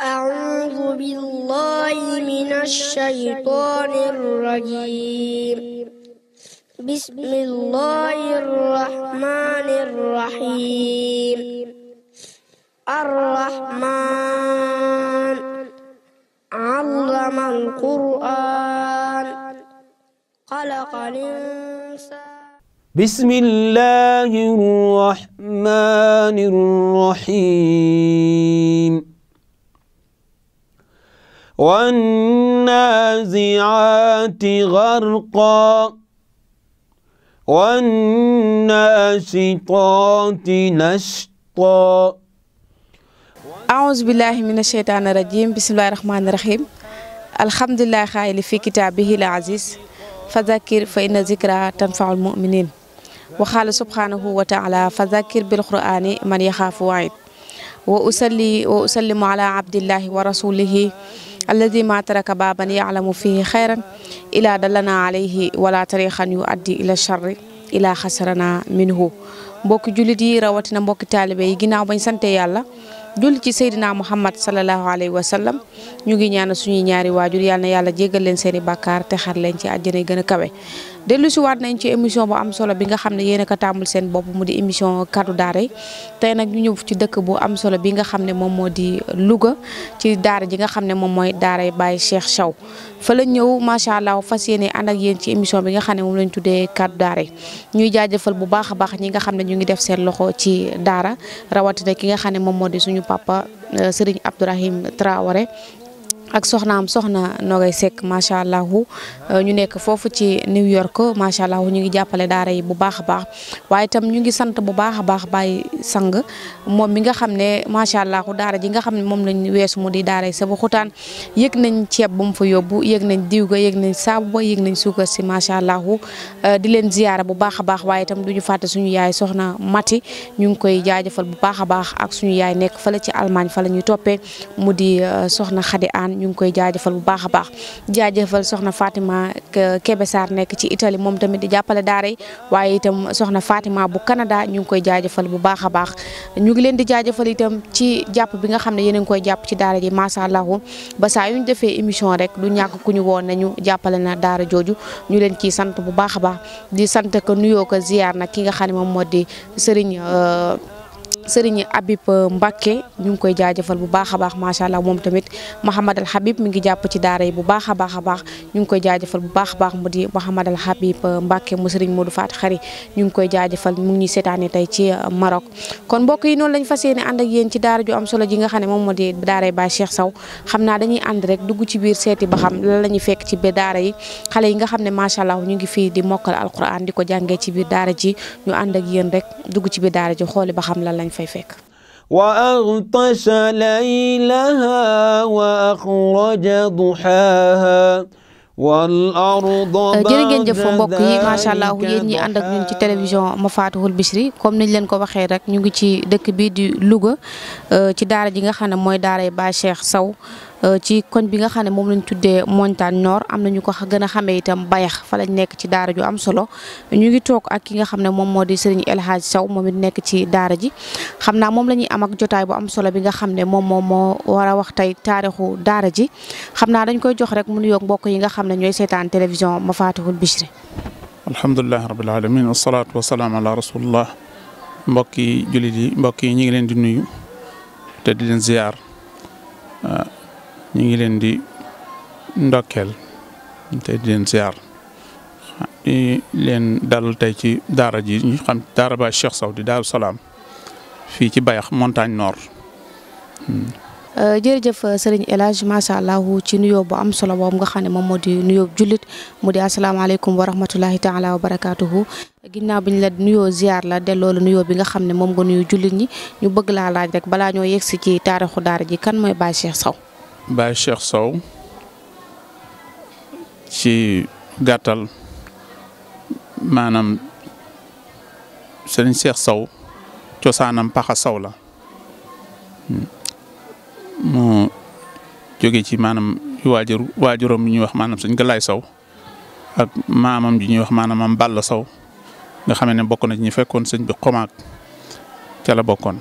أعوذ بالله من الشيطان الرجيم بسم الله الرحمن الرحيم الرحمن علم القرآن خلق الإنسان بسم الله الرحمن الرحيم والنازعات غرقا والناشطات نشطا أعوذ بالله من الشيطان الرجيم بسم الله الرحمن الرحيم الحمد لله خائل في كتابه العزيز فذكر فإن ذكرى تنفع المؤمنين وقال سبحانه وتعالى فذكر بالقرآن من يخاف وعيد وأسلي وأسلم على عبد الله ورسوله alladi ma taraka baaban yaalamu fihi xayran ilaa dallana alayhi wala tariqan yu addi ila charri ilaa xasarana minhu mbokki jullit yi rawatina mbokki taalibe yi ginnaaw bañ sante yàlla julli ci seydina muhammad salallahu alayhi wa sallam ñu ngi ñaana suñuy ñaari waajur yàlla na yàlla jéggal leen seeni bàkkaar te xar leen ci àjjana gën a kawe dellu si waat nañ ci émission bu am solo bi nga xam ne yéen a ko tàmmul seen bopp mu di émission kaddu daara tey nag ñu ñëw ci dëkk bu am solo bi nga xam ne moom moo di luga ci daara ji nga xam ne moom mooy daara Baye Cheikh Sow fa la ñëw macha allah fas yéene ànd ak yéen ci émission bi nga xam ne moom lañ tuddee kaddu daara ñuy jaajëfal bu baax baax ñi nga xam ne ñu ngi def seen loxo ci daara rawatina ki nga xam ne moom moo di suñu papa euh, Serigne Abdourahim Traoré ak soxna soxnaam soxna Nogay Seck macha allah euh, ñu nekk foofu ci New York macha allah ñu ngi jàppale daara yi bu baax a baax waaye tam ñu ngi sant bu baax a baax Baye Sang moom mi nga xam ne macha allah daara ji nga xam ne moom lañ weesu mu di daara yi Sëbu Xutaan yëg nañ ceeb bu mu fa yóbbu yëg nañ diw ga yëg nañ saabu ba yëg nañ suukar si macha allah euh, di leen ziyaara bu baax a baax waaye itam duñu fàtte suñu yaay soxna Mati ñu ngi koy jaajëfal bu baax a baax ak suñu yaay nekk fële ci Allemagne fa la ñuy toppee mu di euh, soxna Xadi Aan ñu ngi koy jaajëfal bu baax a baax jaajëfal soxna Fatima Kébé Sarr nekk ci Italie moom tamit di jàppale daara yi waaye itam soxna Fatima bu Canada ñu ngi koy jaajëfal bu baax a baax ñu ngi leen di jaajëfal itam ci jàpp bi nga xam ne yéen a ngi koy jàpp ci daara ji macha allah ba saa yu ñu defee émission rek du ñàkk ku ñu woon nañu jàppale na daara jooju ñu leen ci sant bu baax a baax di sant ko nuyoo ko ziar nag ki nga xam ne moom moo di sëriñ sëriñ Habib euh, Mbacke ñu ngi koy jaajëfal bu baax a baax macha allah moom tamit Mouhamad Al Habib mi ngi jàpp ci daara yi bu baax a baax a baax ñu ngi koy jaajëfal bu baax a baax mu di Mouhamad Al Habib euh, Mbacke mu sëriñ Modou Faat Xari ñu ngi koy jaajëfal mu ngi ñuy seetaane tey ci euh, Maroc kon mbokk yi noonu lañ fas yéene ànd ak yéen ci daara ju am solo ji nga xam ne moom moo di daaray Baye Cheikh Sow xam naa dañuy ànd rek dugg ci biir seeti ba xam lan la ñuy fekk ci biir daara yi xale yi nga xam ne macha allah ñu ngi fii di mokkal alquran di ko jàngee ci biir daara ji ñu ànd ak yéen rek dugg ci biir daara ji xooli ba xam lan lañ fay fekk وأغطش ليلها وأخرج ضحاها والأرض jërë ngeen jëf mbokk yi macha allah yéen ñi ànd ak ñun ci télévision Mafatihul Bichri comme niñ leen ko waxee rek ñu ngi ci dëkk bii di Louga ci daara ji nga xam ne mooy daaray Ba Cheikh Sow Euh, ci koñ bi nga xam ne moom lañ tuddee montagne nord am na ñu ko gën a xamee itam bayax fa lañ nekk ci daara ju am solo ñu ngi toog ak ki nga xam ne moom moo di sëriñ El Hadj Sow moom it nekk ci daara ji xam naa moom la ñuy am ak jotaay bu am solo bi nga xam ne moom moom moo war a wax tey taarixu daara ji xam naa dañ koy jox rek mu nuyoog mbokk yi nga xam ne ñooy seetaan télévision Mafatihul Bichri alhamdulilah rabil alamin wasalaatu wasalaam ala rasulillah mbokk yi jullit yi mbokk yi ñu ngi leen di nuyu te ñu ngi leen di ndokkeel te di leen leen dalal tey ci daara ji ñu xam daara ba Cheikh Sow di Salaam fii ci Bayax montagne nord. Hmm. Euh, jërëjëf euh, sëriñ El Hadj macha allah ci nuyoo bu am solo boobu nga xam ne moom moo di nuyoo julit mu di asalaamaaleykum wa rahmatulahi taala wa barakaatuhu ginnaaw bi ñu la nuyoo ziar la delloo la bi nga xam ne moom nga nuyu jullit ñi ñu bëgg laa laaj rek balaa ñoo yegsi ci taarixu daara ji kan mooy Baye Cheikh saw Baye Cheikh saw si gàttal maanaam sëriñ Cheikh Sow cosaanam paxa Sow la mu jóge ci maanaam waajur waajuram bu ñuy wax maanaam sëñ Galaay saw ak maamam ju ñuy wax maanaam am Balla Sow nga xam ne bokk na ci fekkoon sëñ bi xomaak ca la bokkoon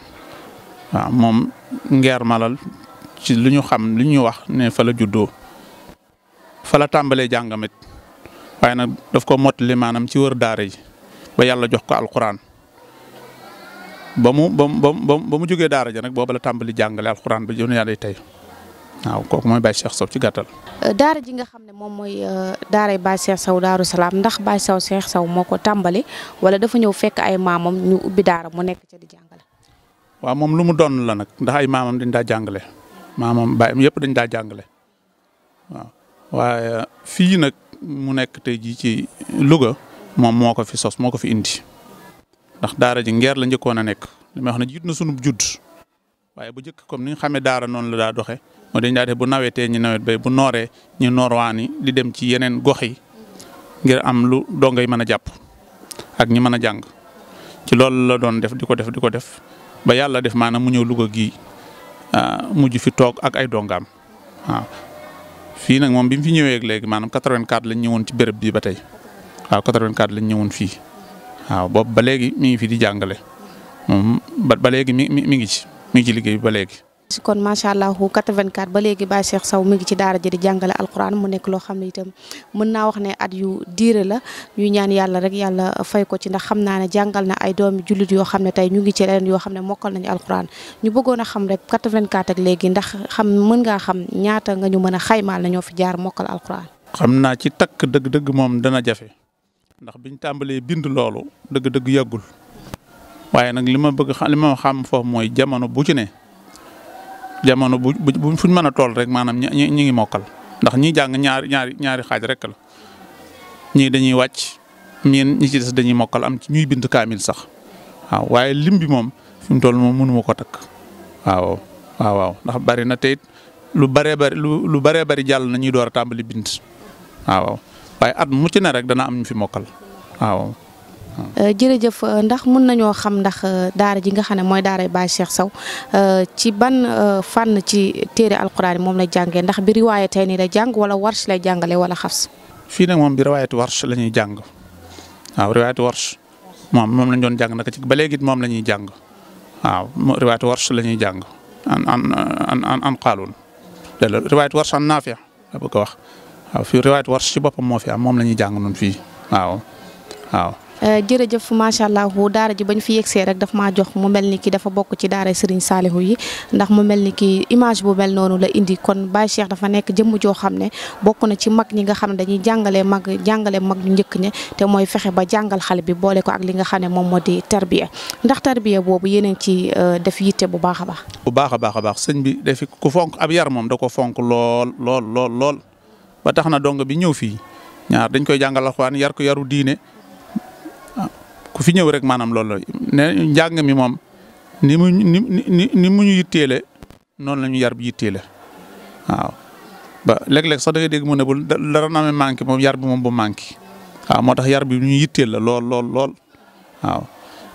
moom ngeer malal ci lu ñu xam lu ñu wax ne fala la juddoo fa tàmbalee jàngamit waaye nag daf ko mottali maanaam ci wër daara ji ba yàlla jox ko alxuraan ba mu ba mu ba mu jógee daara ja nag booba la tàmbali jàngale alxuraan ba jëm yàlla tey waaw kooku mooy Baye Cheikh Sow ci gàttal. Euh, daara ji nga xam ne moom mooy euh, daaray Baye Cheikh Sow Daaru ndax Baye Sow Cheikh moo ko tàmbali wala dafa ñëw fekk ay maamam ñu ubbi daara mu nekk ca di jàngale. waaw moom lu mu doon la nag ndax ay maamam dañ daa jàngale. maamam baayam yëpp dañ daa jàngale waaw waaye fii nag mu nekk tey jii ci Louga moom moo ko fi sos moo ko fi indi ndax daara ji ngeer la njëkkoon a nekk li may jiit na sunu judd waaye bu njëkk comme ni ñu xamee daara noonu la daa doxee moo dañ daa def bu nawetee ñi nawet bay bu nooree ñu noorwaani di dem ci yeneen gox yi ngir am lu dongay mën a jàpp ak ñi mën a jàng ci loolu la doon def di ko def di ko def ba yàlla def maanaam mu ñëw Louga gii Ah, mujj fi toog ak ay dongam waaw fii nag moom bi mu fi ñëwee léegi maanaam 84 lañ ñëwoon ci béréb bi ba tey waaw 84 lañ ñëwoon fii waaw boobu ba léegi mi ngi fi di jàngale moom ba ba léegi mi mi ngi ci mi ngi ci liggéey bi ba léegi. kon macha allah 84 ba léegi Baye Cheikh saw mi ngi ci daara ji di jàngale alquran mu nekk loo xam ne itam mën naa wax ne at yu diire la yu ñaan yàlla rek yàlla fay ko ci ndax xam naa ne jàngal na ay doomi jullit yoo xam ne tey ñu ngi ci leen yoo xam ne mokkal nañu alquran ñu bëggoon a xam rek 84 ak léegi ndax xam mën ngaa xam ñaata nga ñu mën a xaymaal na fi jaar mokkal alquran. xam naa ci takk dëgg-dëgg moom dana jafe ndax biñ tàmbalee bind loolu dëgg-dëgg yàggul waaye nag li ma bëgg xam li ma xam foofu mooy jamono bu ci ne jamono bu bu fuñ mën a tool rek maanaam ñi ñi ngi mokkal ndax ñi jàng ñaari ñaari ñaari xaaj rek la ñii dañuy wàcc miin ñi ci des dañuy mokkal am ci ñuy bind kaamil sax waaw waaye lim bi moom fi mu toll moom mënuma ko takk waaw waaw ndax bari na teyit lu bare bari lu lu baree bari jàll na ñuy door a tàmbali bint waaw waaye at mucc na rek dana am ñu fi mokkal waaw. Euh, jërëjëf euh, ndax mun nañoo xam ndax euh, daara ji nga xam ne mooy daara Baye Cheikh Sow ci ban fànn ci téere alquran moom la jàngee ndax bi riwaayé tey nii la jàng wala warsh lay jàngale wala xafs. fii nag moom bi riwaayatu warsh la ñuy jàng waaw riwaayatu warsh moom moom lañ doon jàng nag ba léegi moom la ñuy jàng waaw riwaayatu la ñuy jàng an an an an an qaaluun delloo riwaayatu an naafi la bëgg wax waaw fii riwaayatu warsh ci boppam moo fi am moom la ñuy jàng noonu fii waaw waaw. Eh, jërëjëf macha allah daara ji bañ fi yegsee rek daf jox mu mel ni ki dafa bokk ci daara Serigne Saliou yi ndax mu mel ni ki image bu mel noonu la indi kon Baye Cheikh dafa nekk jëmm joo xam ne bokk na ci mag ñi nga xam ne dañuy jàngale mag jàngale mag njëkk ña te fexe ba jàngal xale bi boole ko ak li nga xam ne moom moo di tarbiya ndax tarbiya boobu yeneen ci eh, def yitte bu baax a baax. bu baax a baax sëñ bi dafi ko fonk ab yar moom da ko fonk lool lool lool lool ba tax na dong bi ñëw fii ñaar dañ koy jàngal alxuraan yar ko yaru diine ku fi ñëw rek maanaam loolu la ne njàng mi moom ni mu ni ni mu ñu yitteele noonu la ñu yar bi yitteele waaw. ba léeg-léeg sax da ngay dégg mu ne bu dara naa manqué moom yar bi moom bu manqué waaw moo tax yar bi ñu yitteel la lool lool lool waaw.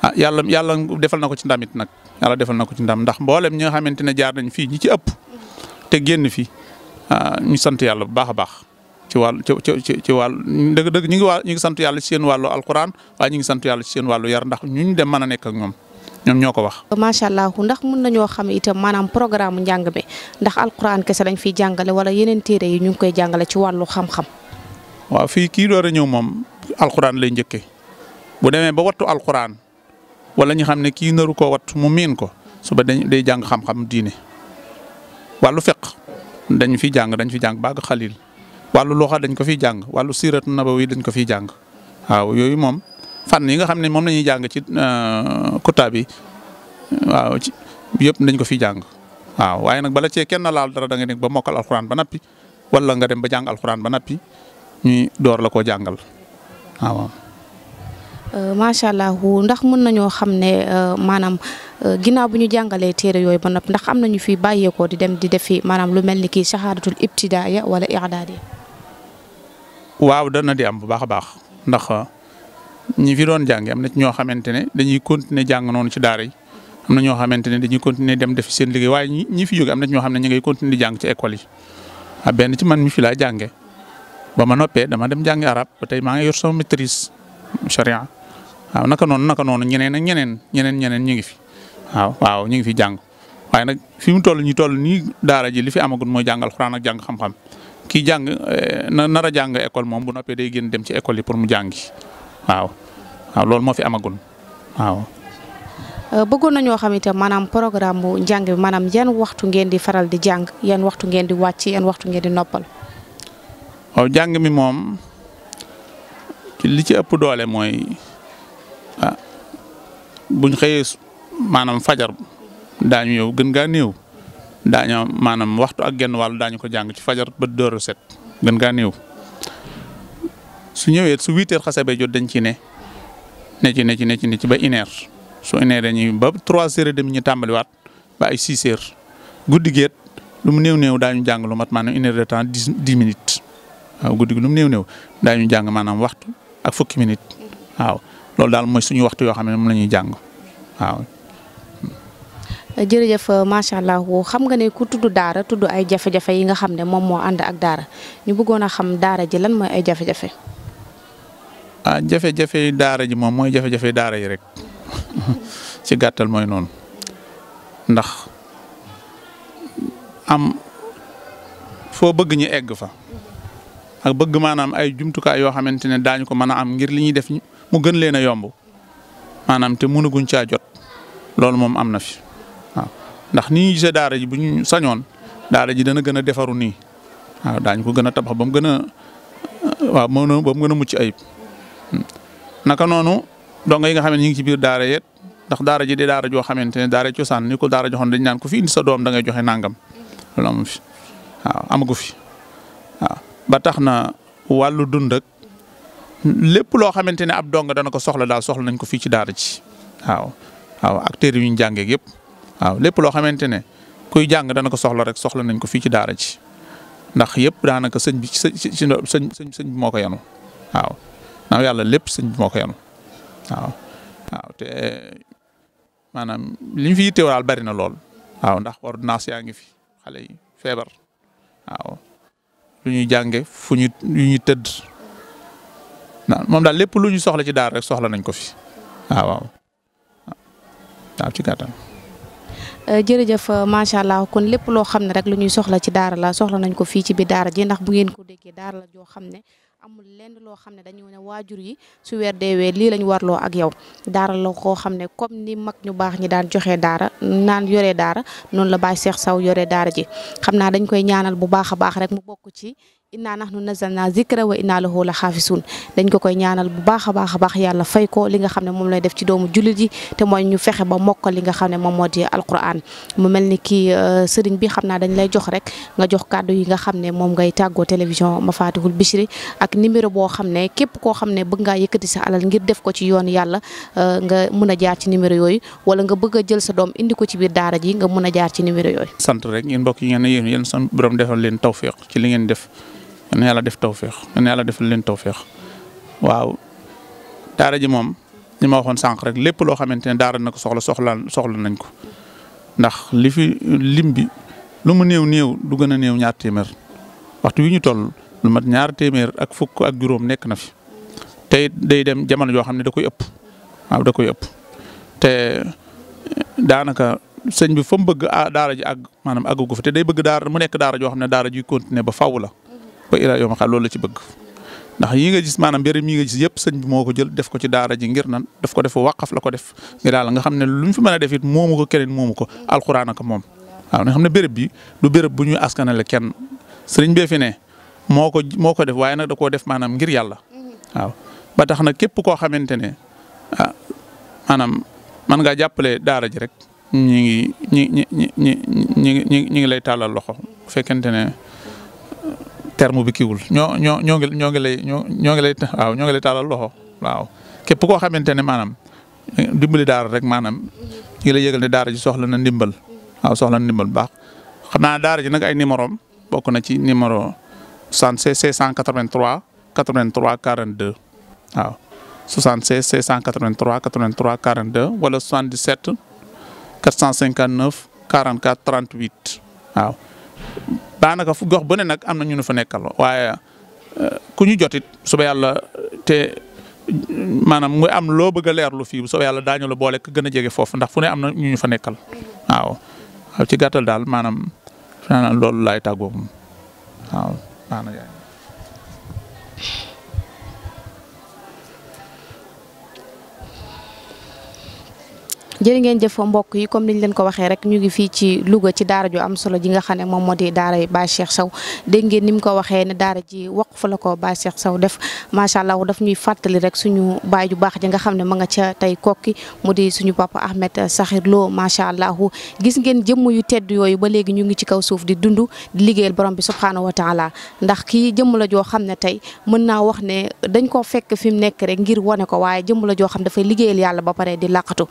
ah yàlla yàlla defal na ko ci ndamit nag yàlla defal na ko ci ndam ndax mboolem ñi nga xamante ne jaar nañ fii ñi ci ëpp te génn fii ah, ñu sant yàlla bu baax a baax. ci wàll ci ci ci wàll dëgg dëgg ñu ngi waa ñu ngi sant yàlla ci seen wàllu alquran waaye ñu ngi sant yàlla ci seen wàllu yar ndax ñu dem mën a nekk ak ñoom ñoom ñoo ko wax. macha allah ndax mën nañoo xam itam maanaam programme njàng bi ndax alquran kese lañ fiy jàngale wala yeneen téere yi ñu ngi koy jàngale ci wàllu xam-xam. waaw fii kii door a ñëw moom alquran lay njëkkee bu demee ba wattu alquran wala ñu xam ne kii naru ko watt mu miin ko suba dañ day jàng xam-xam diine wàllu fiq dañ fi jàng dañ fi jàng baag xalil wàllu loxa dañ ko fi jàng wàllu siiratu nabawi dañ ko fiy jàng waaw yooyu moom fànn yi nga xam ne moom la ñuy jàng ci kutaa euh, bi waaw ci dañ ko fi jàng waaw waaye nag bala cee kenn laal dara da nga ba mokkal alxuraan ba nappi wala nga dem ba jàng alxuraan ba nappi ñuy door la koo jàngal waaw. Euh, macha allah ndax mën nañoo xam ne euh, maanaam ginnaaw bu ñu jàngalee téere yooyu ba noppi ndax am nañu fi bàyyeekoo di dem di defi maanaam lu mel ni kii shahadatul ibtidaaya wala i'daadiya waaw da na di am bu baax a baax ndax euh, ñi fi doon jàngi am na ci ñoo xamante ne dañuy continuer jàng noonu ci daara am na ñoo xamante ne dañuy continuer dem def seen liggéey waaye ñi fi jóge am na ci ñoo xam ne ñu ngay continuer di jàng ci école yi ah benn ci man mi fi laa jàngee ba ma noppee dama dem jàngi arab ba tey maa ngi yor sama maîtrise charia waaw naka noonu naka noonu ñeneen ak ñeneen ñeneen ñeneen ñu ngi fi waaw waaw ñu ngi fi jàng waaye nag fi mu toll ñu toll nii daara ji li fi amagul mooy jàng alxuraan jàng xam kii jàng eh, na nar jàng école moom bu noppee day génn dem ci école yi pour mu jàngi waaw waaw loolu moo fi amagun waaw. Euh, bëggoon nañoo xam itam maanaam programme bu njàng bi maanaam yan waxtu ngeen di faral di jàng yan waxtu ngeen di wàcc yan waxtu ngeen di noppal. waaw jàng mi moom li ci ëpp doole mooy ah, buñ xëyee maanaam fajar daañu yow gën gaa néew. daañu maanaam waxtu ak genn wàll daañu ko jàng ci fajar ba dóoru set gën gaa néew su ñëwee su huit heures xasee ba jot dañ ci ne ne ci ne ci ne ci ne ci ba une su une heure dañuy ba trois heures et demi ñu tàmbaliwaat ba ay six heures guddi geet lu mu néew néew daañu jàng lu mat maanaam une heure de temps dix dix minutes waaw guddi néew néew daañu jàng maanaam waxtu ak fukki minutes waaw loolu daal mooy suñu waxtu yoo xam ne moom la jàng waaw jërëjëf euh, macha allah xam nga ne ku tudd daara tudd ay jafe-jafe yi nga xam ne moom moo ànd ak daara ñu bëggoon a xam daara ji lan mooy ay jafe-jafe. ah daara ji moom mooy jafe-jafe daara yi rek ci gàttal mooy noonu ndax am foo bëgg ñu egg fa ak bëgg maanaam ay jumtukaay yoo xamante ne daañu ko mën a am ngir li ñuy def mu gën leen a yomb maanaam te mënaguñ caa jot loolu moom am na fi. ndax ni ñuy gisee daara ji bu ñu sañoon daara ji dana gën a defaru nii waaw daañu ko gën a tabax ba mu gën a waaw mënoo ba mu gën a mucc ayib. naka noonu donga yi nga xam ne ñu ngi ci biir daara yet ndax daara ji di daara joo xamante ne daara cosaan ni ko daara joxoon dañ naan ku fi indi sa doom da joxe nangam fi waaw amagu fi waaw ba tax na wàllu dund ak lépp loo xamante ne ab dong dana ko soxla daal soxla nañ ko fii ci daara ji waaw waaw acteurs yi ñu jàngee yëpp. waaw lépp loo xamante ne kuy jàng dana ko soxla rek soxla nañ ko fii ci daara ji ndax yëpp daanaka sëñ bi sëñ sëñ sëñ bi moo ko yanu waaw naaw yàlla lépp sëñ bi moo ko yanu waaw. waaw te maanaam li fi yittewoo daal bari na lool waaw ndax ordonnance yaa ngi fi xale yi feebar waaw ñuy jànge fu ñu ñuy tëdd moom daal lépp lu ñu soxla ci daara rek soxla nañ ko fi waaw waaw waaw ci gàttal. Euh, jërëjëf euh, macha allah kon lépp loo xam ne rek lu ñuy soxla ci daara la soxla nañ ko fii ci bi daara ji ndax bu ngeen ko déggee daara la joo xam ne amul lenn loo xam ne dañu wane waajur yi su weer deewee lii lañ warloo ak yow daara la koo xam ne comme ni mag ñu baax ñi daan joxe daara naan yore daara noonu la Baye Cheikh saw yore daara ji xam naa dañ koy ñaanal bu baax a baax rek mu bokk ci inna nahnu nazzalna zikra wa inna lahu la xaafisun dañ ko koy ñaanal bu baax a baax a baax yàlla fay ko li nga xam ne moom lay def ci doomu jullit yi te mooy ñu fexe ba mokkal li nga xam ne moom moo di alquran mu mel ni kii euh, sëriñ bi xam naa dañ lay jox rek nga jox kàddu yi nga xam ne moom ngay tàggoo télévision Mafatihul Bichri ak numéro boo xam ne képp koo xam ne bëgg ngaa yëkkati sa alal ngir def ko ci yoon yàlla euh, nga mun a jaar ci numéro yooyu wala nga bëgg jël sa doom indi ko ci biir daara ji nga mun a jaar ci numéro yooyu sant rek yéen mbokk yi ngeen ne yéen yéen san borom defal leen def na yàlla def tawféex na yàlla defal leen tawféex waaw daara ji moom li ma waxoon sànq rek lépp loo xamante ne daara na ko soxla soxlaan soxla nañ ko ndax li fi lim bi lu mu néew néew du a néew ñaar téeméer waxtu wi ñu toll lu mat ñaar téeméer ak fukk ak juróom nekk na fi te day dem jamono joo xam ne da koy ëpp da koy ëpp te eh, daanaka sëñ bi fa mu bëgg daara ji àgg maanaam àggu ko fa te day bëgg mu nekk daara joo xam ne daara ji continuer ba faw la ko ilaa yow ma xaal la ci bëgg ndax yi nga gis maanaam béréb yi nga gis yëpp sëñ bi moo ko jël def ko ci daara ji ngir nan daf ko def wàqaf la ko def ngir nga xam ne lu mu fi mën a def it moomu ko keneen moomu ko alxuraan ak moom waaw nga xam ne béréb bi du béréb bu ñuy askanale kenn sëriñ bee ne moo ko moo ko def waaye nag da koo def maanaam ngir yàlla waaw ba tax na képp koo xamante ne ah maanaam man ngaa jàppale daara ji rek ñi ngi ñi ñi ñi ñi ñi ngi lay tàllal loxo bu fekkente ne terme bi kiwul ñoo ñoo ñoo ngi ñoo ngi lay ñoo ñoo ngi lay waaw ñoo ngi lay taalal loxo waaw képp koo xamante ne maanaam eh, dimbali daara rek maanaam ngi lay yëgal ne daara ji soxla na ndimbal waaw soxla na ndimbal bu baax xam naa daara ji nag ay numéro am bokk na ci numéro 76 683 83 42 waaw 76 683 83 42 wala 77 459 44 38 waaw. daanaka fu gox bane nag am na ñu nu fa nekkal waaye eh, ku ñu jotit suba yàlla te maanaam muy am loo bëgg a leerlu fii bu soobee yàlla daañu la boole gën a jege foofu ndax fu ne am na ñu ñu fa nekkal waaw waaw ci gàttal daal maanaam loolu laay tàggoo waaw. jërë ngeen jëf mbokk yi comme niñ leen ko waxee rek ñu ngi fii ci Louga ci daara ju am solo ji nga xam ne moom moo di daara Baye Cheikh Sow dégg ngeen ni mu ko waxee ne daara ji waqf la ko Baye Cheikh Sow def macha allah daf ñuy fàttali rek suñu baay ju baax ji nga xam ne ma nga ca tey kokki mu di suñu papa Ahmed Sakhir Lo macha allah gis ngeen jëmm yu tedd yooyu ba léegi ñu ngi ci kaw suuf di dund di liggéeyal borom bi subhaanahu wa taala ndax kii jëm la joo xam ne tey mën naa wax ne dañ ko fekk fi mu nekk rek ngir wone ko waaye jëmm la joo xam dafay liggéeyal yàlla ba pare di làqatu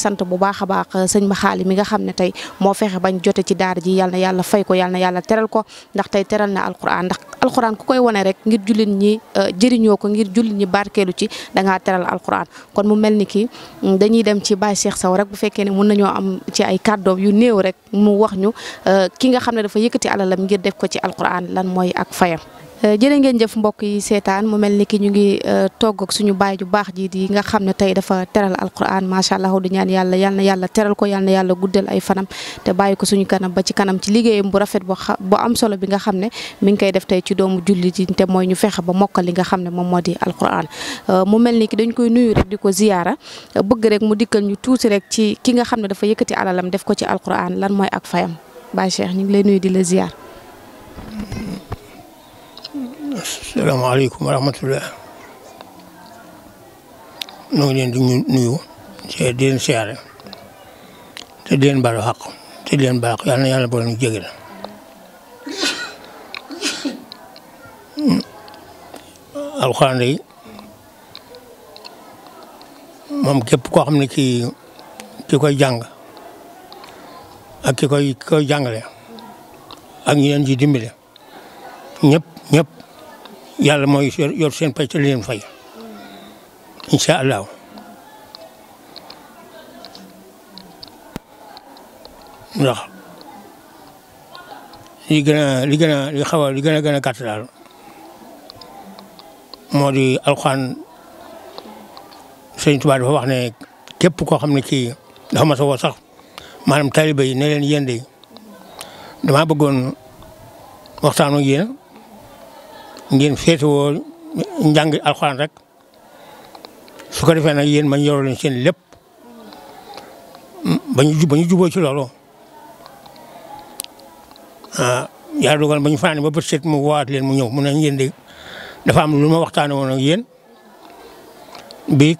sant bu baax a baax euh, sëñ Maxaali mi nga xam ne tey moo fexe bañ jote ci daara ji yàlla na yàlla fay ko yàlla na yàlla teral ko ndax tey teral na alquran ndax alquran ku koy wane rek ngir jullit ñi euh, jëriñoo ko ngir jullit ñi barkeelu ci dangaa teral alquran kon mu mel ni ki mm, dañuy dem ci Baye Cheikh saw rek bu fekkee ne mun nañoo am ci ay kàddoom yu néew rek mu wax ñu euh, ki nga xam ne dafa yëkkati alalam ngir def ko ci alquran lan mooy ak fayam Eh, jërë ngeen jëf mbokk yi seetaan mu mel ni ki ñu ngi eh, togg suñu baay ju baax ji yi nga xam ne tey dafa teral alquran macha allah di ñaan yàlla yal na yàlla teral ko yal yàlla guddal ay fanam te bàyyi ko suñu kanam ba ci kanam ci liggéeyam bu rafet bu bu am solo bi nga xam ne mi ngi koy def tey ci doomu jullit yi te mooy ñu fexe ba mokkal li nga xam ne moom moo di alquran eh, mu mel ni ki dañ koy nuyu rek di ko ziyaara bëgg rek mu dikkal ñu tuuti rek ci ki nga xam ne dafa yëkkati alalam def ko ci alquran lan mooy ak fayam Baye Cheikh ñu ngi lay nuyu di la ziyaar asalaamaaleykum wa rahmatulah ñoo ngi leen di nuyu te di leen siyaare te di leen baalu xaq te di leen baax yàlla na yàlla boole ñu jégal alxuraan day moom képp koo xam ne kii ki koy jàng ak ki koy ki koy jàngale ak ñi leen ci dimbale yàlla mooy yor seen pay leen fay incha allah. ndax li gën a li gën a xaw li gën a gën a gàtt moo di alxaan sëñ Tuubaa dafa wax ne képp koo xam ne kii dafa mas a woo sax maanaam taaliba yi ne leen yéen de damaa bëggoon waxtaan ak yéen ngeen féetewoo njàng alxuraan rek su ko defee nag yéen man yoroo leen seen lépp ba ñu ñu juboo ci loolu ah yaa dogal ba ñu fanaan ba bët set mu waat leen mu ñëw mu ne ngeen de dafa am lu ma waxtaanee woon ak yéen biig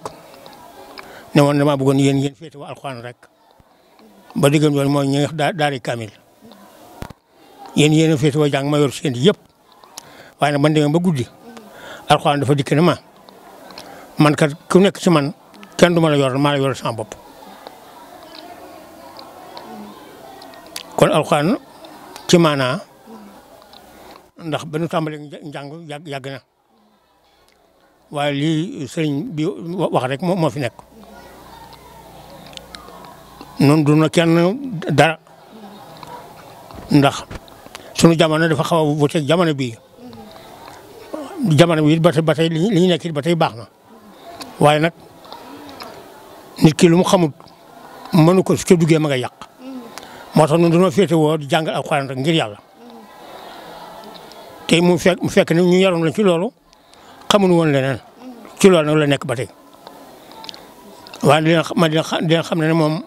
ne woon damaa bëggoon yéen ngeen féetewoo alxuraan rek ba diggante woon mooy ñi nga daari kamil yéen yéen a féetewoo jàng ma yor seen yëpp. waaye nag man ba guddi alxuraan dafa dikk ne ma man kat ku nekk ci man kenn ma la yor maa la yor sama kon alxuraan ci maanaa ndax ba nu tàmbalee njàng yàgg na waaye lii sëriñ bi wax rek moo fi nekk. noonu du na dara ndax sunu jamono dafa xaw a wuteeg jamono bii. jamono bi it ba tey ba li ñu nekk it ba tey baax na waaye nag nit ki lu mu xamut mënu ko su ko duggee ma nga yàq moo tax ñun dañoo féete woo di jàngal alxuraan rek ngir yàlla. te mu fekk mu fekk ni ñu yaroon la ci loolu xamuñu woon leneen ci loolu nag la nekk ba tey waaye dina xam dina xam ne moom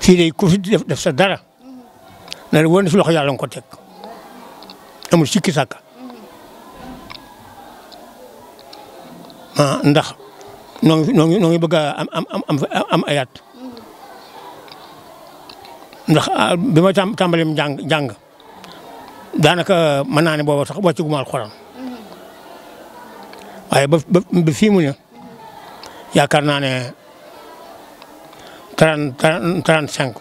fii day ku def sa dara na woon wóor na si loxo yàlla nga ko teg amul sikki sàkka Ah, ndax noo ngi noo ngi noo ngi bëgg a am am am am ayaat ndax ah, bi ma tàmbalim jàng jàng daanaka mën naa ne booba sax wàccuguma alxuraan waaye ba ba fii mu ne yaakaar naa ne trente trente cinq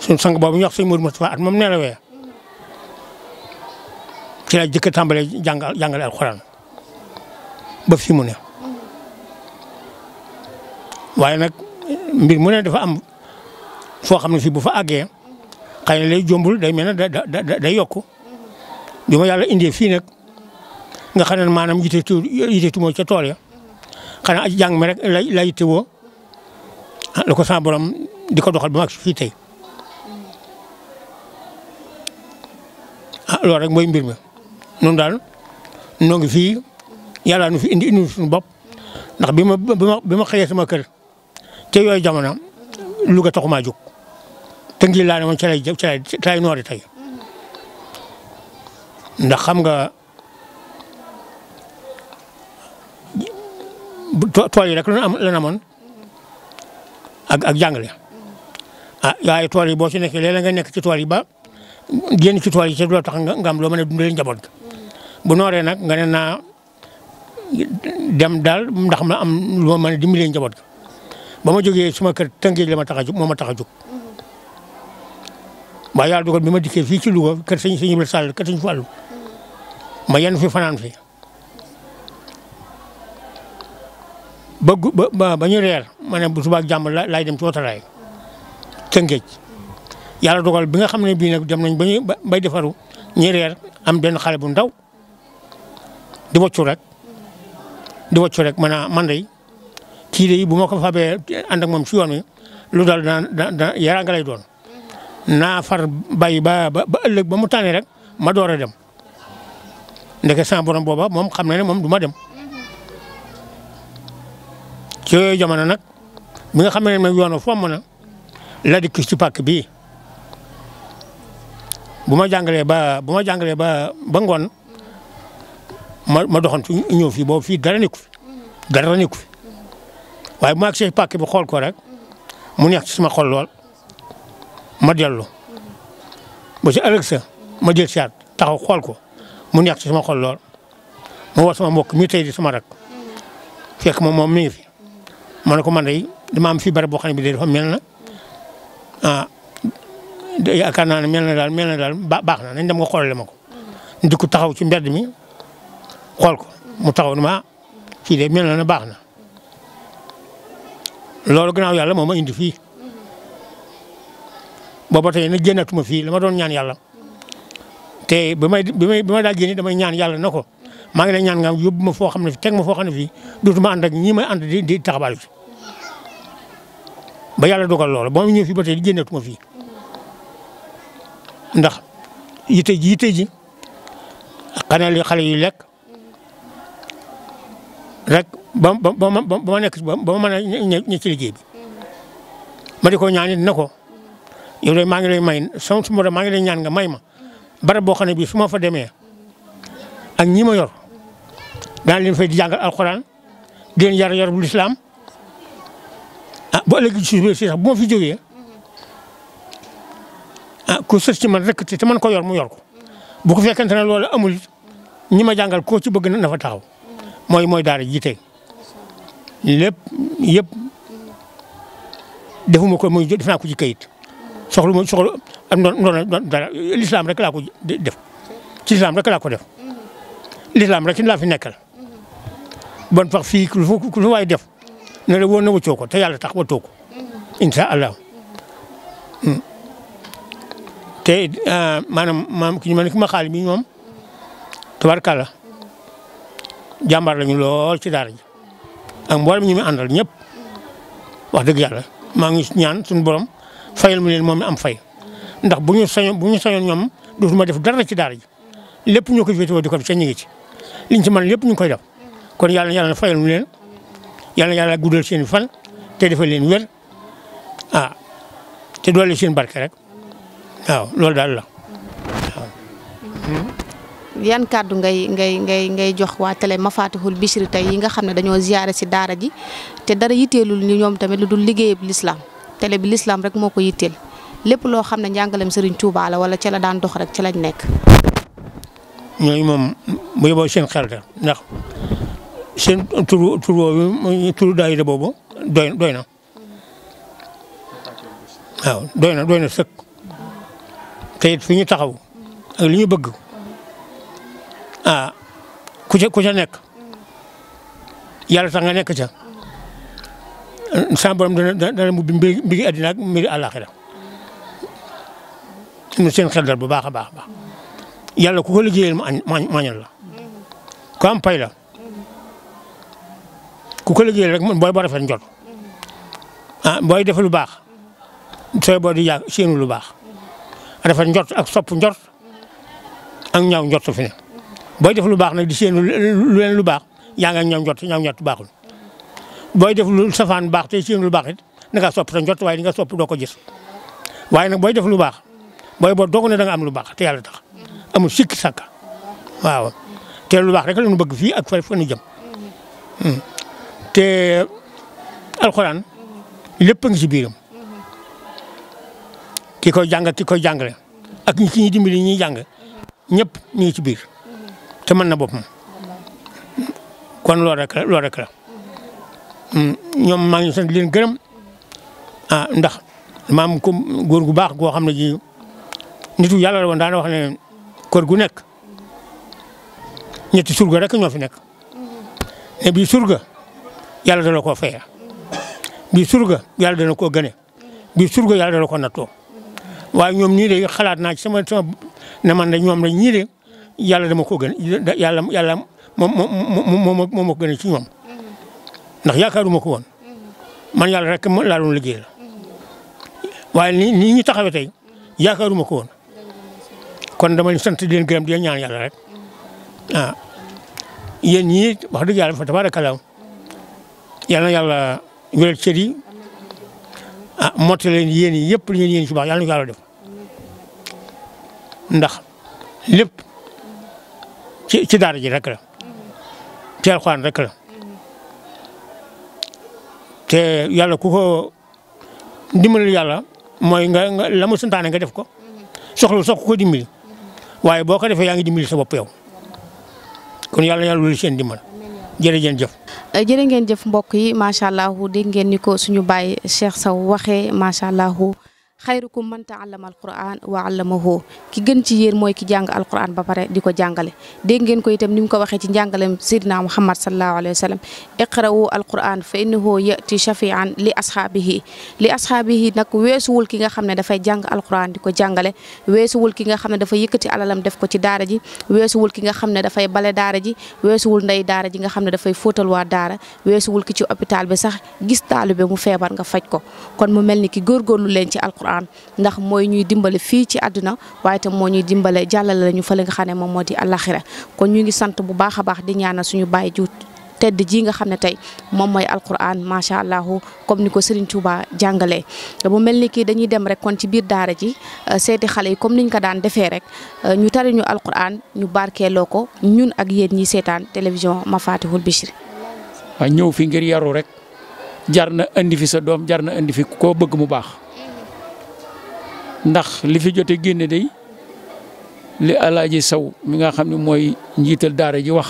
suñu sang boobu ñu wax suñu Mourou Moustapha at moom nee la wee ci la jëkk a tàmbalee jàngal jàngale alxuraan ba fii mu ne. waaye nag mbir mu ne dafa am foo xam ne si bu fa àggee xëy na lay jombul day mel ne da da day yokk bi ma yàlla indee fii nag nga xam ne maanaam yiteetu yiteetu moo ca tool ya xanaa ak jàng mi rek lay lay yittewoo ah, la ko sa di ko doxal bi ma fii tey ah rek mooy mbir mi noonu daal noo ngi fii yàlla nu fi indi suñu bopp ndax bi ma bi ma xëyee sama kër. te yooyu jamono Louga taxumaa jóg te ngir laa ne woon ci lay ci lay ci ndax xam nga tool yi rek lan moon lan amoon ak ak jàngale ah tool yi boo ci nekkee léeg-léeg nga nekk ci tool yi ba génn ci tool yi te tax nga am loo mën a dundalee njaboot ga bu nooree nag nga ne naa dem daal ndax ma am loo mën a dimbalee njaboot ga ba ma jógee suma kër Tëngéej la ma tax a jóg moo ma taxa jóg ma yàlla dogal bi ma dikkee fii ci Louga kër sëñ sëñ Ibra Sall kër sëñ Fallou ma yenn fi fanaan fi ba gu ba ba ñu reer ma ne bu subaa jàmm laay dem ci watalaay Tëngéej yàlla dogal bi nga xam ne bii nag dem nañ ba bay defaru ñu reer am benn xale bu ndaw di waccu rek di waccu rek ah, man a man day kii de bu ma ko fabee ànd ak moom ci yoon wi lu dal dana dana yaraa doon naa far bàyyi ba ëllëg ba mu tànnee rek ma door dem ndeke sama borom booba moom xam na ne moom duma dem. si yooyu jamono nag bi nga xam ne moom yoon fomm na la dikk ci pàkk bii bu ma jàngalee ba bu ma jàngalee ba ba ngoon ma ma doxantu ñëw fii boobu fii dara nekku fi dara nekku fi. waaye bu ma agsee bu xool ko rek mu neex ci suma xool lool ma dellu ba ci ëllëg sa ma jël saat taxaw xool ko mu neex ci sama xol lool ma woo sama mbokk mi tey di sama rak fekk moom moom mi ngi ne ko man de dama am fii barab boo xam bi de dafa mel na ah yaakaar naa ne mel na daal mel na daal baax na nañ dem nga xoolale ma ko. di ko taxaw ci mbedd mi xool ko mu taxaw ni ma ah, fii de mel na ne baax na. loolu gannaaw yàlla moo ma indi fii booba tey nag génnatuma fii la ma doon ñaan yàlla te bi may bi may bi ma daal génn damay ñaan yàlla na ko maa ngi lay ñaan nga yóbbu ma foo xam ne teg ma foo xam ne fii dootuma ànd ak ñi may ànd di di taxabaal ba yàlla dogal loolu ba ma ñëw fii ba tey génnatuma fii ndax yite ji yite ji xanaa li xale yu lekk rek ba ba ba ma ba ma nekk ba ma mën a ñëw ci liggéey mm-hmm. ma di ko ñaan it ko mm-hmm. yow de maa ngi lay may sama su ma maa ngi lay ñaan nga may ma mm-hmm. barab boo xam ne bii su ma fa demee ak ñi ma yor daan leen fay di jàngal alxuraan di leen yar yar bu lislaam ah bu ëllëgee si bu ma fi jowee ah ku ci man rek te man ko yor mu yor ko bu ko fekkente ne loolu amul ñi ma jàngal koo ci bëgg na fa taxaw mooy mooy daara jiite. lépp yëpp defuma ko muy def naa ko ci kayit soxlu ma soxlu am noonu dara l'islam rek laa ko def ci l'islam laa ko def l'islam rek laa fi nekkal bon fax fii ku lu waay def ne woon na wëccoo ko te yàlla tax wëccoo ko incha allah te ah, maanaam maam ki ñu ma ne ki ma xaali mi ñoom tabarkàlla jàmbaar lañu lool ci daara ji ak mboolem ñi mu àndal ñëpp wax dëgg yàlla maa ngi ñaan suñu borom fayal mu leen moom mi am fay ndax bu ñu sañoon bu ñu sañoon ñoom def dara ci daara ji lépp ñoo ko féetewoo di ko ca ñu ngi ci liñ ci mën lépp ñu koy def kon yàlla yàlla fayal mu leen yàlla yàlla guddal seen fan te defal leen wér ah te doole seen barke rek waaw loolu daal la. yan kàddu ngay ngay ngay ngay jox waa télé Mafatihul Bichri tey yi nga xam ne dañoo ziyaare si daara ji te dara yitteelul ñu ñoom tamit lu dul liggéeyab lislaam télé bi lislaam rek moo ko yitteel lépp loo xam ne njàngaleem Serigne Touba la wala ca la daan dox rek ca lañ nekk. moom bu yóbboo seen xel da ndax boobu turu doy doy na waaw doy na doy na sëkk te it ñu taxaw ak li ñu bëgg. ah ku ca ku ca nekk yàlla sax nga nekk ca sa borom dana dana mu mbiri mbiri àddina ak mbiri àllaaxira mu seen bu baax a baax a baax yàlla ku ko liggéeyal mu añ maañal la ku am la ku ko liggéeyal rek booy ba rafet njot ah booy def lu baax sooy boo di yàgg séenu lu baax rafet njot ak sopp njot ak ñaaw njot su booy def lu baax nag di séenu lu leen lu baax yaa ngi ak ñoom njott ñoom njott baaxul booy def lu safaan baax te séenu lu baax it na sopp sa njott waaye di nga sopp doo ko gis waaye nag booy def lu baax booy boo doog ne da am lu baax te yàlla tax amul sikki sàkka waaw te lu baax rek la ñu bëgg fii ak fa fa ñu jëm hmm. te alxuraan lépp a ngi ci biiram ki ko jàng ki koy jàngale ak ñi ci ñi dimbali ñuy jàng ñëpp ñu ngi ci biir. te mën na boppam kon loolu rek la loolu mm, ñoom maa ngi sant leen gërëm ah ndax maam ku góor gu baax goo xam ne ji nitu yàlla la woon daana wax ne gu nekk ñetti surga rek ñoo fi nekk ne bii surga yàlla dana ko faya bii surga yàlla dana koo gëne bii surga yàlla dana koo nattoo waaye ñoom ñii de xalaat naa ci sama sama man de ñoom la ñii de yàlla dama ko gën yàlla yàlla moom moom moom moo ko gën ci ñoom ndax yaakaaruma ko woon man yàlla rek ma laa doon liggéey la waaye nii ñu taxawe tey yaakaaruma ko woon kon dama leen sant di leen gërëm di ñaan yàlla rek ah yéen ñii wax dëgg yàlla fa tabaarakallaa yal na yàlla wéral cër yi ah mottali leen yéen yi yëpp li ngeen yéen ci baax yàlla na ko def ndax lépp. ci ci ji rek la ci alxuraan la te yàlla ku ko dimbalul yàlla mooy nga nga la mu santaane nga def ko soxla sox ko dimbali waaye boo ko defee yaa ngi dimbali sa bopp yow kon yàlla yàlla loolu seen dimbal jërëjëf. jërë ngeen jëf mbokk yi macha allah dégg ngeen ni ko suñu baay Cheikh sa waxee macha allah. xayrukum man taallama alquran wa allamahu ki gën ci yéen mooy ki jàng alquran ba pare di ko jàngale dégg ngeen ko itam ni mu ko waxee ci njàngalem sayyidina muhammad sallallahu alayhi wa sallam iqra'u alquran fa innahu yati shafi'an li ashaabihi li ashaabihi nag weesuwul ki nga xam ne dafay jàng alquran di ko jàngale weesuwul ki nga xam ne dafay yëkkati alalam def ko ci daara ji weesuwul ki nga xam ne dafay bale daara ji weesuwul ndey daara ji nga xam ne dafay fóotal waa daara weesuwul ki ci hôpital bi sax gis taalu bi mu feebar nga faj ko alquran ndax mooy ñuy dimbale fii ci àdduna waaye tam moo ñuy dimbale jàllale la ñu fa li nga xam ne moom moo di àlaxira kon ñu ngi sant bu baax a baax di ñaana suñu bàyyi ju tedd ji nga xam ne tey moom mooy alquran macha allah comme ni ko Serigne Touba jàngalee mu mel ni kii dañuy dem rek kon ci biir daara ji euh, seeti xale yi comme niñ ko daan defee rek euh, ñu tari ñu alquran ñu barkeeloo ko ñun ak yéen ñi seetaan télévision Mafatihul Bichri. ñëw fi ngir yaru rek jar na indi fi sa doom ndax li fi jote génne day li alaaji saw mi nga xam ne mooy njiital daara ji wax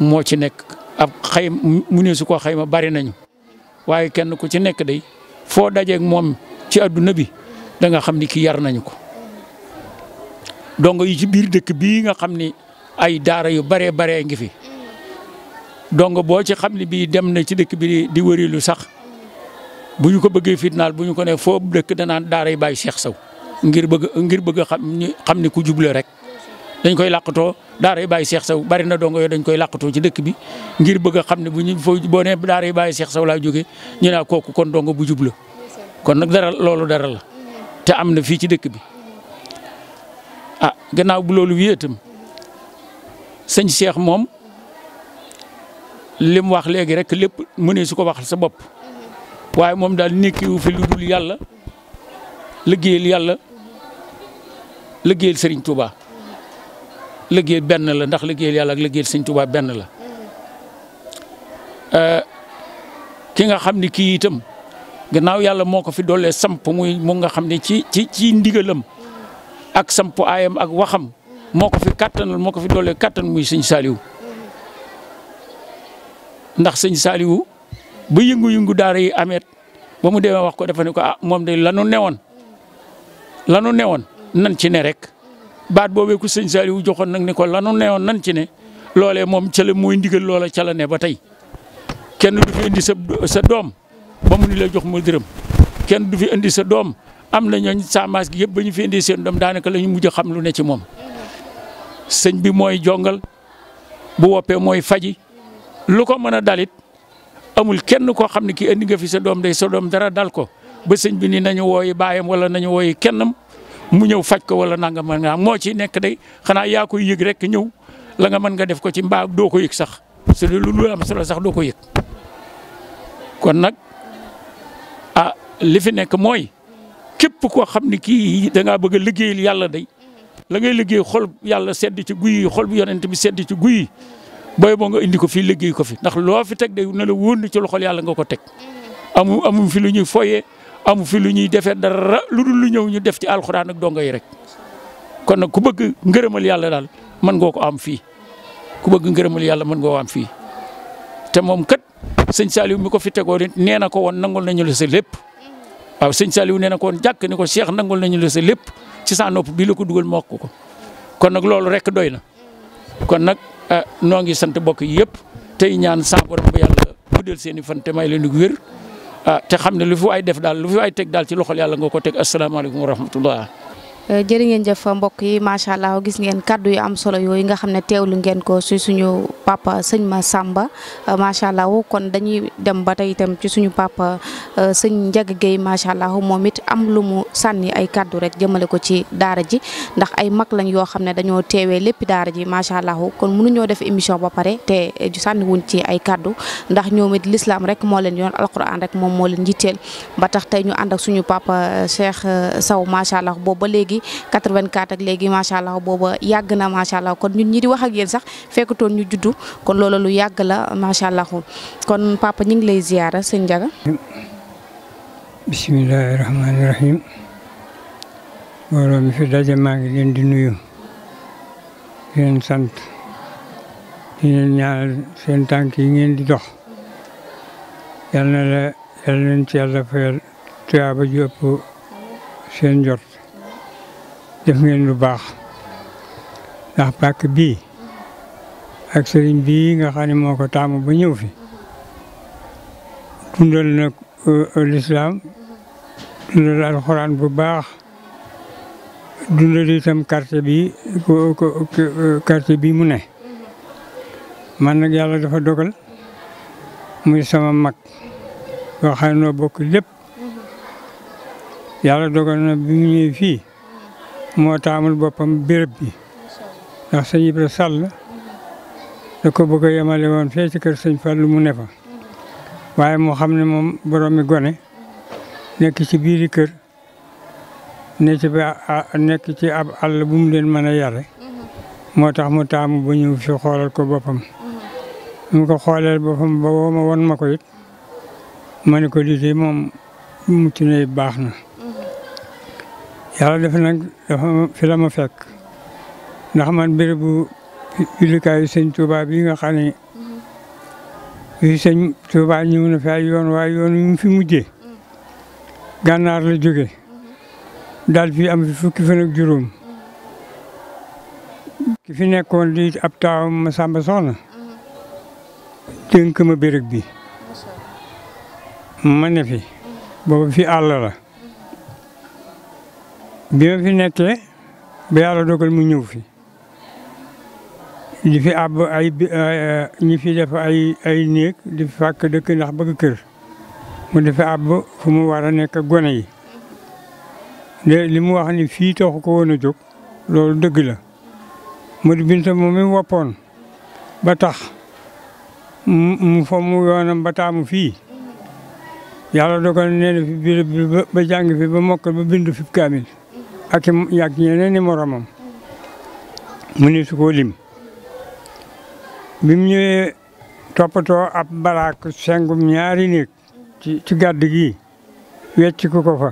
moo ci nekk ab xay mu ne su ko xayma bari nañu waaye kenn ku ci nekk day foo dajeeg moom ci adduna bi danga xam ni ki yar nañu ko dongo yi ci biir dëkk bii nga xam ni ay daara yu baree baree ngi fi dongo boo ci xam ne bii dem na ci dëkk bi di wërilu sax bu ñu ko bëggee fitnaal bu ñu ko ne foo dëkk danaan daaray bàyyi Cheikh saw ngir bëgg ngir bëgg xam ni xam ni ku juble rek dañ koy làqatoo daaray bàyyi Cheikh saw bari na dongo yooyu dañ koy làqatoo ci dëkk bi ngir bëgg xam ne bu ñu foo boo nee daaray bàyyi Cheikh Sow laa jógee ñu naa kooku kon dongo bu jubla kon nag dara loolu dara la te am na fii ci dëkk bi a ah, gannaaw bu loolu wii itam sëñ Cheikh moom lim wax léegi rek lépp mënee su ko waxal sa bopp. waaye moom daal nekkiwu fi lu dul yàlla liggéeyal yàlla liggéeyal Serigne Touba liggéey benn la ndax liggéeyal yàlla ak liggéeyal Serigne Touba benn la euh, ki nga xam ni kii itam gannaaw yàlla moo ko fi doolee samp muy mu nga xam ne ci ci ci ndigalam ak samp aayam ak waxam moo ko fi kàttanal moo ko fi doolee kàttan muy sëñ Saliou ndax sëñ Saliou ba yëngu-yëngu daar yi ameet ba mu demee wax ko defani ko ah moom de lanu newoon lanu woon nan ci ne rek baat boobee ku sëñ wu joxoon nag ne ko lanu woon nan ci ne loolee moom ca la mooy ndigal loola ca la ne ba tey kenn du fi indi sa doom ba mu ni la jox ma dërëm kenn du fi indi sa doom am na ñooñ saamaas gi yëpp ba ñu fi indi seen doom daanaka la ñu mujj xam lu ne ci moom sëñ bi mooy jongal bu woppee mooy faji lu ko mën a dalit amul kenn koo xam ne kii indi nga fi sa doom day sa doom dara dal ko ba sëñ bi ni nañu wooyi baayam wala nañu wooyi kennam mu ñëw faj ko wala nangam mën nga moo ci nekk day xanaa yaa koy yëg rek ñëw la nga mën nga def ko ci mbaa doo ko yëg sax su dee lu am solo sax doo ko yëg kon nag ah li fi nekk mooy képp koo xam ne kii da ngaa bëgg a yàlla day la ngay liggéey xol yàlla sedd ci guy yi xol bu yonent bi sedd ci guy yi booy boo nga indi ko fii liggéey ko fi ndax loo fi teg de na la wóor ci loxol yàlla nga ko teg mm-hmm. amu amu fi lu ñuy foyee amu fi lu ñuy defee dara lu dul lu ñëw ñu def ci alxuraan ak dongo yi rek kon nag ku bëgg ngërëmal yàlla daal mën ngoo ko am fii ku bëgg ngërëmal yàlla mën ngoo am fii te moom kat sëñ Saliou mi ko fi tegoo nit nee na ko woon nangul nañu la sa lépp mm-hmm. waaw sëñ Saliou nee na ko woon jàkk ni ko Cheikh nangul nañu la sa lépp ci sa nopp bii la ko dugal mokk ko kon nag loolu rek doy na Eh, noo ngi sant bokk yëpp tey ñaan sa borom bu yàlla guddal seen fante fan te may leen di wér ah te xam ne lu fi waay def daal lu fi waay teg daal ci loxol yàlla nga ko teg asalaamaaleykum wa rahmatullah Eh, jërë ngeen jëf mbokk yi macha allah gis ngeen kàddu yu am solo yooyu nga xam ne teew teewlu ngeen ko su suñu papa sëñ ma sàmba eh, macha allah kon dañuy dem ba tey itam ci suñu papa eh, sëñ Ndiaga Guèye macha allah moom it am lu mu sànni ay kàddu rek jëmale ko ci daara ji ndax ay mag lañ yoo xam ne dañoo teewee lépp daara ji macha allah kon mënuñoo def émission ba pare te sànni wuñ ci ay kàddu ndax ñoom it lislaam rek moo leen yoon alquran rek moom moo leen jitteel ba tax tey ñu ànd ak suñu papa Cheikh Sow macha allah boobu léegi léegi 84 ak léegi macha allah booba yàgg na macha allah kon ñun ñi di wax ak yéen sax fekkutoon ñu juddu kon loola lu yàgg la macha allah kon papa ñu ngi lay ziyaara sëñ Ndiaga. bisimilah rahmaani rahim mbooloo fi daje maa ngi di nuyu di sant seen tànk yi ngeen di dox yal na la yal leen ci yàlla fayal tuyaaba ju ëpp seen jot def ngeen lu baax ndax pàkk bii ak sëriñ bii nga xam moo ko taamu ba ñëw fi dundal na euh, lislaam dundal alxuraan bu baax dundal itam quartier bi ko quartier bi mu ne man nag yàlla dafa dogal muy sama mag boo xam ne noo bokk lépp dogal na bi mu ñëwee fii moo taamul boppam béréb bi ndax sëñ Ibra Sall da ko bëgg a yemale woon fee ci kër sëñ Fallu mu ne fa waaye moo xam ne moom boroomi gone nekk ci biiri kër nekk ci nekk ci ab àll bu mu leen mën a yare moo tax mu taamu ba ñëw fi xoolal ko boppam mu ko xooleel boppam ba woo ma won ma ko it ma ne ko lii moom mucc ne baax na yàlla def nag dafa fi ma fekk ndax man bérébu jullukaayu sëñ Touba bii nga xam ne bii sëñ Touba fi ay yoon waaye yoon yu fi mujjee gànnaar la jóge daal fi am fi fukki fan juróom ki fi nekkoon di ab taawam ma Samba Soxna dénk ma béréb bi ma ne fi boobu fi àll la. bi ma fi nekkee ba yàlla dogal mu ñëw fi di fi ay ñi fi def ay ay néeg di fàkk dëkk ndax bëgg kër mu di fi àbb fu mu war a nekk gone yi de li mu wax ni fii taxu ko woon a jóg loolu dëgg la Modou Binta moom mi woppoon ba tax mu fa mu yoonam ba taamu fii yàlla dogal nee na fi biir bi ba jàng fi ba mokkal ba bind fi kaamil ak yàgg yeneen moromam mu ni su koo lim bi mu ñëwee toppatoo ab baraak sengum ñaari néeg ci ci gàdd gi wecc ko ko fa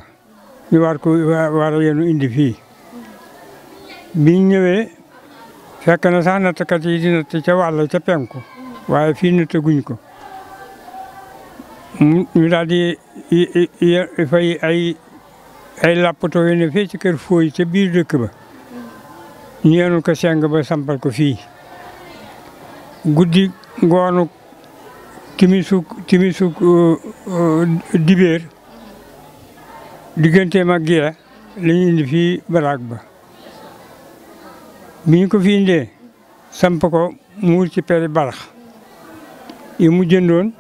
ñu war ko war yenu indi fii biñ ñëwee fekk na sax nattkat yi di natt ca wàll ca penku waaye fii nattaguñ ko ñu daal di fay ay ay lappatoo yu ne fii ci kër Fooy ca biir dëkk ba ñeenu ko seng ba sampal ko fii guddi ngoonu timisuk timisuk uh, uh, dibéer digganteem ak gila la ñu fii baraag ba bi ñu ko fi indee samp ko mu ci peri barax yi mu jëndoon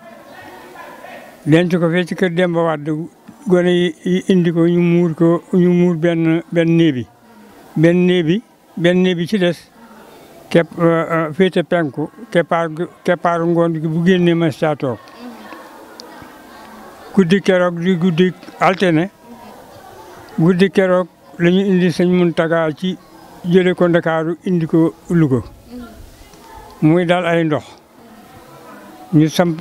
denc ko fee ci kër Demba Wàdd gone yi indi ko ñu muur ko ñu muur benn benn néebi benn néebi ci des kepp euh, euh, féete penku keppaar keppaaru ngoon gi bu génnee mës taa toog guddi keroog di guddi altine guddi keroog la ñu indi sëñ Muntaga ci jële ko Ndakaaru indi ko Louga muy daal ay ndox ñu samp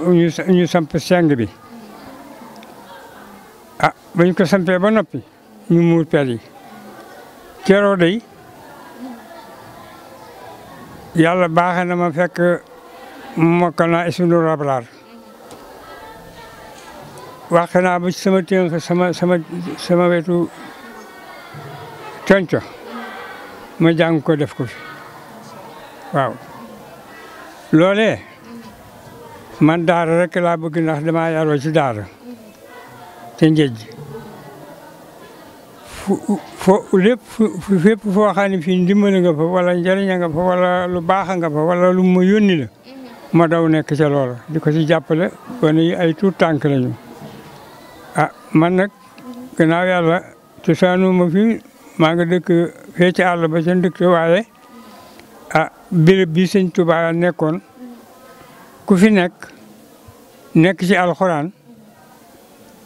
ñu samp seng bi ba ñu ko sampee ba noppi ñu muur peel yi keroog day yàlla baaxe na ma fekk mokk naa isinu rablaar wax naa ba sama ténk sama sama sama wetu conco ma jàng ko def ko fi waaw loolee man daara rek laa bëgg nax damaa yaroo ci daara te njëj fo lépp fépp foo xam ne fii ndimbal nga fa wala njëriñ nga fa wala lu baax nga fa wala lu ma yónni la mhm. ma daw nekk ca loola di ko ci jàppale wane yi ay tuut tànk lañu ah man nag mhm. gannaaw yàlla cosaanu ma fi maa nga dëkk fee ci àll ba seen dëkk waaye ah béréb bi sëñ Tuubaa nekkoon ku fi nekk nekk ci alxuraan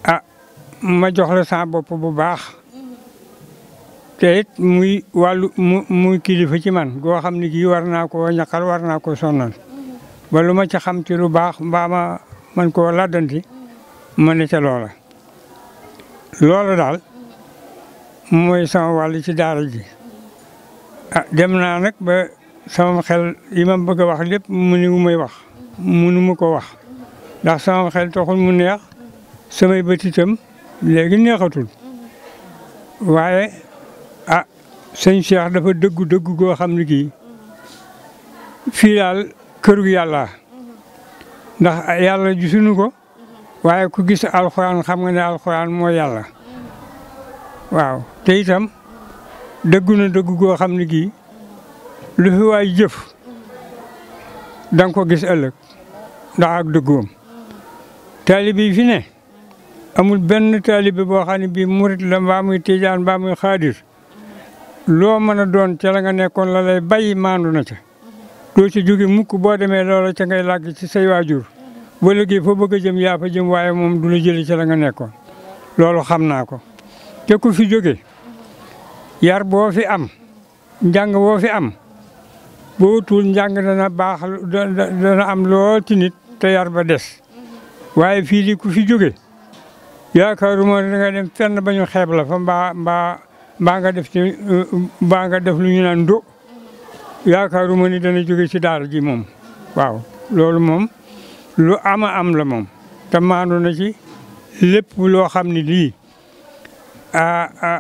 ah ma jox la bopp bu baax te it muy wàllu mu muy kilifa ci man goo xam ne gii war naa ko ñaqal war naa koo sonnal ba lu ma ci xam ci lu baax mbaa ma man koo laddanti ma ne ca loola. loola daal mooy sama wàll ci daara ji ah dem naa nag ba sama xel yi ma bëgg a wax lépp mënu may wax mënu ma ko wax ndax sama xel taxul mu neex samay bët itam léegi neexatul waaye. sëñ Cheikh dafa dëggu dëggu goo xam ne kii fii daal kër gu yàlla ndax yàlla gisuñu ko waaye ku gis alxuraan xam nga ne alxuraan mooy yàlla waaw te itam dëggu na dëggu goo xam ne kii lu fi jëf danga ko gis ëllëg ndax ak dëggoom taalibe yi fi ne amul benn taalibe boo xam ne bii murit la mbaa muy tijaan mbaa muy xaadir loo mën a doon ca la nga nekkoon la lay bàyyi maandu na ca doo ci jóge mukk boo demee loola ca ngay làgg ci say waajur ba léegi foo bëgg a jëm yaa fa jëm waaye moom du la jëlee ca nga nekkoon loolu xam naa ko te ku fi jóge yar boo fi am njàng boo fi am boo tuul njàng dana baax dana am lool ci nit te yar ba des waaye fii di ku fi jóge yaakaaruma da nga dem fenn ba ñu xeeb la fa mbaa mbaa mbaa nga def ci mbaa nga def lu ñu naan do yaakaaruma ni dana jóge ci daara ji moom waaw loolu moom lu ama am la moom te maandu na ci lépp loo xam ne lii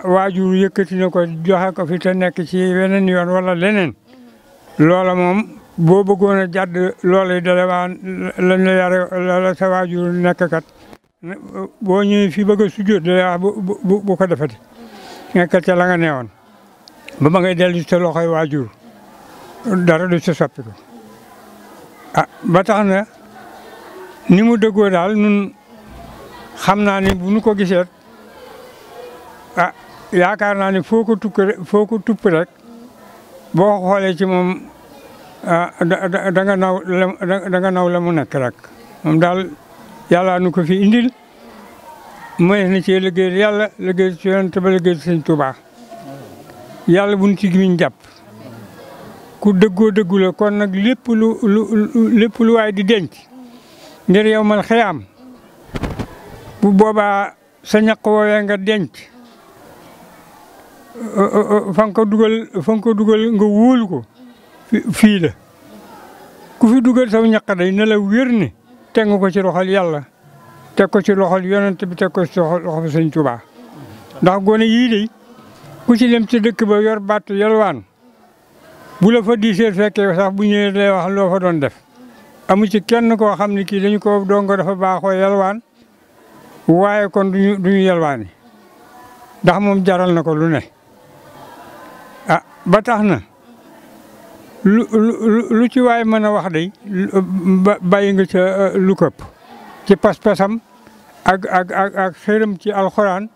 waajur yëkkati na ko joxe ko fi te nekk ci weneen yoon wala leneen loola moom boo bëggoon a jàdd loola dale waa lañ la yare la sa waajur nekk kat boo ñëwee fi bëgg a sujjóot dale wax bu bu bu nekkal ca la nga newoon ba ma ngay dellu sa loxoy waajur dara du ci soppiku ah ba tax na ni mu dëggoo daal nun xam naa ni bu nu ko gisee ah yaakaar naa ni foo ko tukk foo ko tupp rek boo xoolee ci moom ah, da nga naw da nga naw la mu nekk rek moom daal yàlla nu ko fi indil mënees na ci liggéeyal yàlla liggéeyal ci te ba liggéeyal sëñ Tuubaa yàlla buñ ci gimiñ jàpp ku dëggoo dëggu kon nag lépp lu lu lépp lu waay di denc ngir yow man xëyaam bu boobaa sa ñaq woowee nga denc fa nga dugal fa nga dugal nga wóolu ko fii la ku fi dugal saw ñaq day ne la wér ni te nga ko ci roxal yàlla teg ko ci loxol yonent bi teg ko ci loxol sëñ Tuubaa ndax gone yii de ku ci dem ci dëkk ba yor battu yalwaan bu la fa diisee fekkee sax bu ñëwee lay wax loo fa doon def amu ci kenn koo xam ne kii dañu ko dongo dafa baaxoo yalwaan waaye kon du duñu yalwaani ndax moom jaral na ko lu ne ah ba tax na lu lu lu ci waay mën a wax de bàyyi nga ca eh, lu këpp ci pas-pasam ak ak ak ak ci alxuraan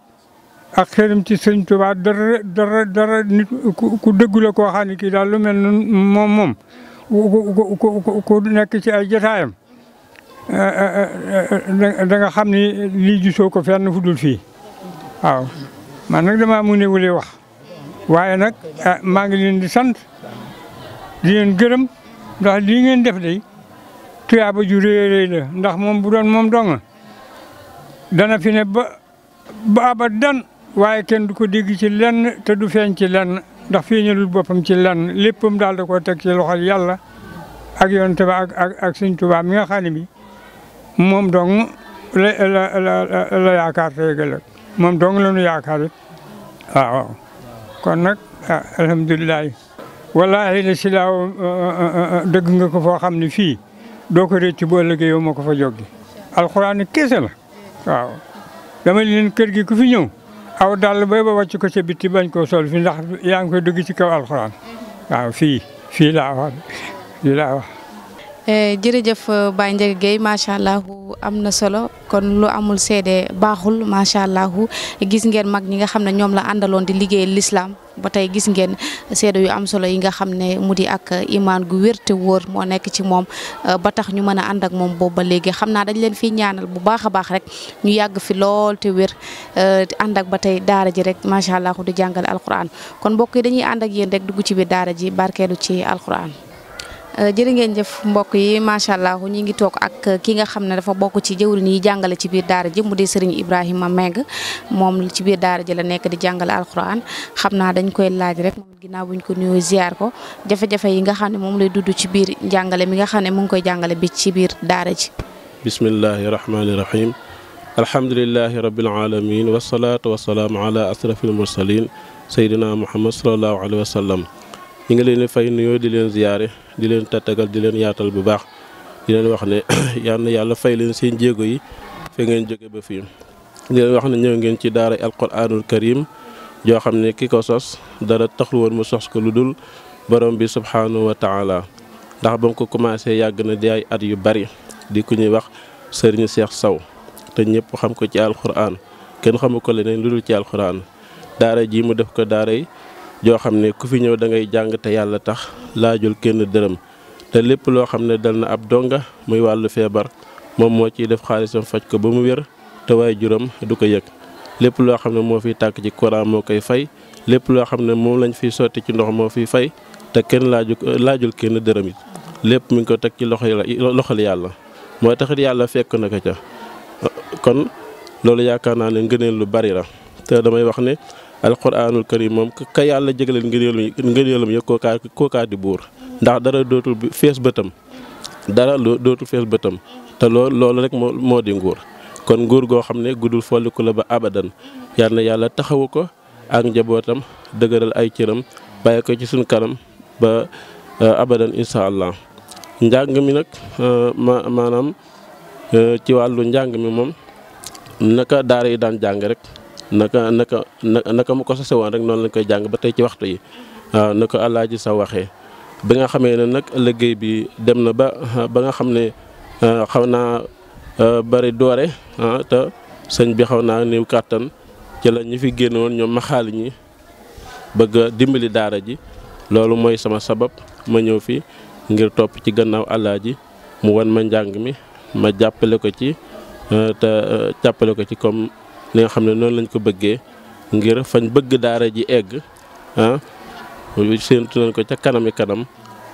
ak xéeram ci sëñ Tuubaa dara dara dara nit ku dëggu koo xam kii daal lu mel noonu moom moom ku nekk ci ay jotaayam eh, eh, eh, danga xam ni lii gisoo ko fenn fu dul fii waaw man nag damaa mu ne wule wax waaye nag maa ngi leen di sant di leen gërëm ndax lii ngeen def day tuyaaba ju rëy rëy la ndax moom bu doon moom dong dana fi ne ba abadan waaye kenn du ko dégg ci lenn te du feeñ ci lenn ndax feeñalul boppam ci lenn léppam daal da koo teg ci loxol yàlla ak yonent ba ak ak mi nga xam bi moom dong la la la la yaakaar moom dong la nu yaakaar it waaw kon nag ah, alhamdulilah. wallaahi la si ah, ah, dëgg nga ko foo xam ne fii. doo ko rëcc bu ëllëgee yow moo ko fa joggi alxuraan kese la waaw dama leen kër gi ku fi ñëw aw dàll bay ba wàcc ko ca bitti bañ koo sol fi ndax yaa ngi koy dugg ci kaw alxuraan waaw fii fii laa wax fii laa wax Eh, jërëjëf euh, Baye Ndiaga Guèye macha allah am na solo kon lu amul sede baaxul macha allah gis ngeen mag ñi nga xam ne ñoom la àndaloon di liggéey lislaam ba tey gis ngeen seede yu am solo yi nga xam ne mu di ak euh, imaan gu wér te wóor moo nekk ci moom euh, ba tax ñu mën a ànd ak moom boobu ba léegi xam naa dañ leen fi ñaanal bu baax a baax rek ñu yàgg fi lool te wér ànd ak ba tey daara ji rek macha allahu di jàngale alquran kon mbokk yi dañuy ànd ak yéen rek dugg ci biir daara ji barkeelu ci alquran. Euh, jërë ngeen jëf mbokk yi macha allah ñu ngi toog ak ki nga xam ne dafa bokk ci jëwriñ yi jàngale ci biir daara ji mu di sëriñ Ibrahima Mbengue moom ci biir daara ji la nekk di jàngale alxuraan xam naa dañ koy laaj rek moom ginnaaw buñ ko nuyoo ziar ko jafe yi nga xam ne moom lay dudd ci biir jàngale mi nga xam ne mu ngi koy jàngale bi ci biir daara ji. bismillahi rahmaani rahim alhamdulillahi rabbil alamin wasalaatu wasalaam ala asrafil mursalin sayyidina muhammad sallallahu alayhi wa sallam ñu ngi leen fay nuyoo di leen ziyaare di leen tattagal di leen yaatal bu baax di leen wax ne yal na yàlla fay leen seen jéego yi fe ngeen jóge ba fii di leen wax ne ñëw ngeen ci daara alquraanul karim joo xam ne ki ko sos dara taxul woon mu sos ko lu dul borom bi subhaanahu wa taala ndax ba mu ko commencé yàgg na di ay at yu bari di ku ñuy wax sëriñ Seex Saw te ñëpp xam ko ci alquran kenn xamu ko leneen lu dul ci alquran daara ji mu def ko daara yi joo xam ne ku fi ñëw da ngay jàng te yàlla tax laajul kenn dërëm te lépp loo xam ne dal na ab donga muy wàllu feebar moom moo ciy def xaalisam faj ko ba mu wér te waaye juram du ko yëg lépp loo xam ne moo fiy tàkk ci moo koy fay lépp loo xam ne moom lañ fiy sotti ci ndox moo fiy fay te kenn laaju laajul kenn dërëm yi lépp mu ngi ko teg ci loxo loxol yàlla moo taxit yàlla fekk na ko ca kon loolu yaakaar naa ne ngëneel lu bari la te damay wax ne alquranul karim moom ka yàlla jégaleel ngëneelam ngëneelam ya kookaa kookaa di buur ndax dara dootul fees bëtam dara dootu fees bëtam te loolu loolu rek moo di nguur kon nguur goo xam ne guddul folliku la ba abadan yal na yàlla taxawu ko ak njabootam dëgëral ay cëram bàyyi ci suñ kanam ba uh, abadan incha allah njàng mi nag uh, ma maanaam uh, ci wàllu njàng mi moom naka daara yi daan jàng rek. naka naka naka mu ko sose woon rek noonu lañ koy jàng ba tey ci waxtu yi waaw ah, na ko alaaji sa waxee bi nga xamee ne nag liggéey bi dem na ba ba nga xam ne ah, xaw naa ah, bari doore te sëñ bi xaw naa néew kàttan ci la ñu fi génnoon ñoom maxaali ñi bëgg dimbali daara ji loolu mooy sama sabab ma ñëw fi ngir topp ci gannaaw alaaji mu wan ma njàng mi ma jàppale ko ci te jàppale ko ci comme li xam ne noonu lañ ko bëggee ngir fañ bëgg daara ji egg ah séentu nañ ko ca kanami kanam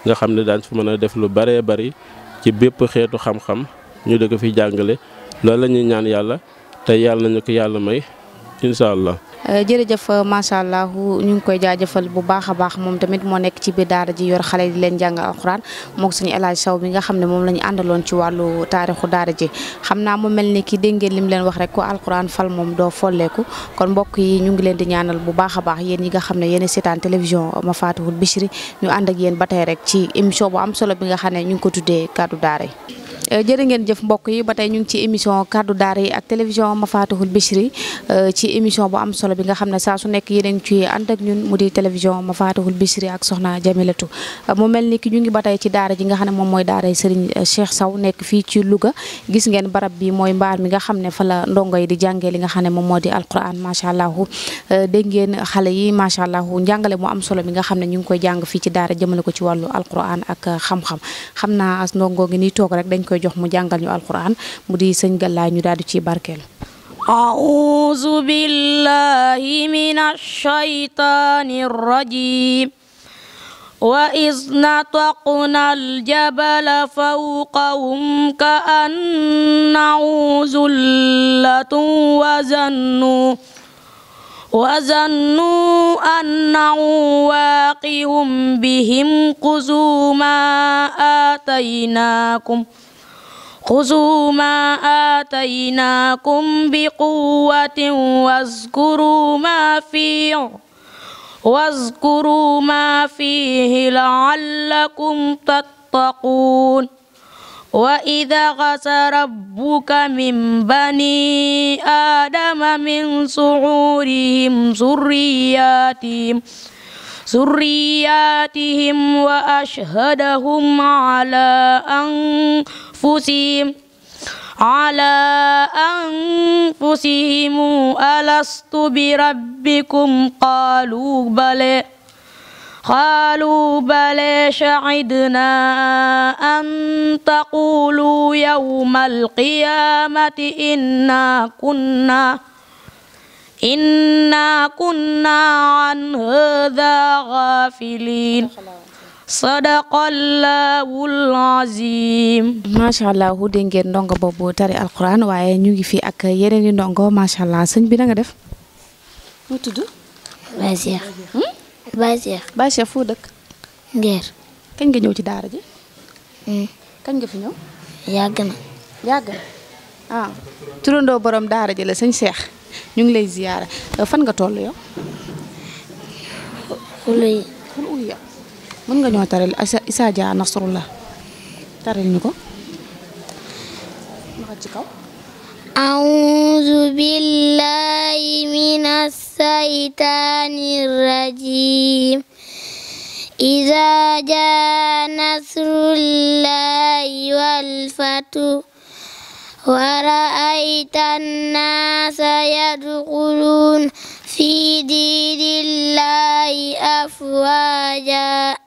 nga xam ne daañ fa mën a def lu baree bari ci bépp xeetu xam-xam ñu ko fi jàngale loolu la ñuy ñaan yàlla te yàlla nañu ko yàlla may incha allah Euh, jërëjëf euh, macha allah ñu ngi koy jaajëfal bu baax a baax moom tamit moo nekk ci biir daara ji yor xale di leen jàng alxuraan mook suñu El Hadj Sow bi nga xam ne moom la ñu àndaloon ci wàllu taarixu daara ji xam naa mu mel ni kii dégg ngeen lim leen wax rek ko alxuraan fal moom doo folleeku kon mbokk yi ñu ngi leen di ñaanal bu baax a baax yéen yi nga xam ne yéen a seetaan télévision ma faatuwul Bichri ñu ànd ak yéen ba tey rek ci émission bu am solo bi nga xam ne ñu ngi ko tuddee kàddu daara Eh, jërë ngeen jëf mbokk yi ba tey ñu ngi ci émission kaddu daara yi ak télévision Mafatihul Bichri eh, ci émission bu am solo bi nga xam ne saa su nekk yéen a ngi ciy ànd ak ñun mu di télévision Mafatihul Bichri ak soxna Jamilatu eh, mu mel ni ki ñu ngi ba tey ci daara ji nga xam ne moom mooy daara Serigne Cheikh Sow nekk fii ci Louga gis ngeen barab bi mooy mbaar mi nga xam ne fa ndongo yi di jàngee li nga xam ne moom moo di alquran macha allah dégg ngeen xale yi macha allah njàngale mu am solo bi nga xam ne ñu ngi koy jàng fii ci daara jamale ko ci wàllu alquran ak xam-xam xam naa ndongo ngi ni toog rek koy jox mu jàngal ñu alquran mu di sëñ Galaay ñu daal di ciy barkeelu أعوذ بالله من الشيطان الرجيم وإذ نطقنا الجبل فوقهم كأنه ذلة وزنوا وزنوا أنه واقع بهم خذوا ما آتيناكم خذوا ما آتيناكم بقوة واذكروا ما فيه واذكروا ما فيه لعلكم تتقون وإذا غس ربك من بني آدم من سعورهم ذرياتهم ذرياتهم وأشهدهم على أن أنفسهم على أنفسهم ألست بربكم قالوا بلى قالوا بلى شهدنا أن تقولوا يوم القيامة إنا كنا إنا كنا عن هذا غافلين sadaqallaahul aziim macha allah dégg ngeen ndongo boobu tari alquran waaye ñu ngi fi ak yeneen yi ndongo macha allah sëñ bi nanga def. mu tudd. Bachir. Hmm? Bachir. Bachir foo dëkk. Ngeer. kañ nga ñëw ci daara ji. Hmm. kañ nga fi ñëw. yàgg na. yàgg ah. turandoo borom daara ji la sëñ Cheikh ñu ngi lay ziyaara fan nga toll yow. xuluy. xuluy. mën nga ñoo taral Issa Dia Nasrullah taral ñu ko waxal ci kaw أعوذ بالله من الشيطان الرجيم إذا جاء نصر الله والفتح ورأيت الناس يدخلون في دين الله أفواجا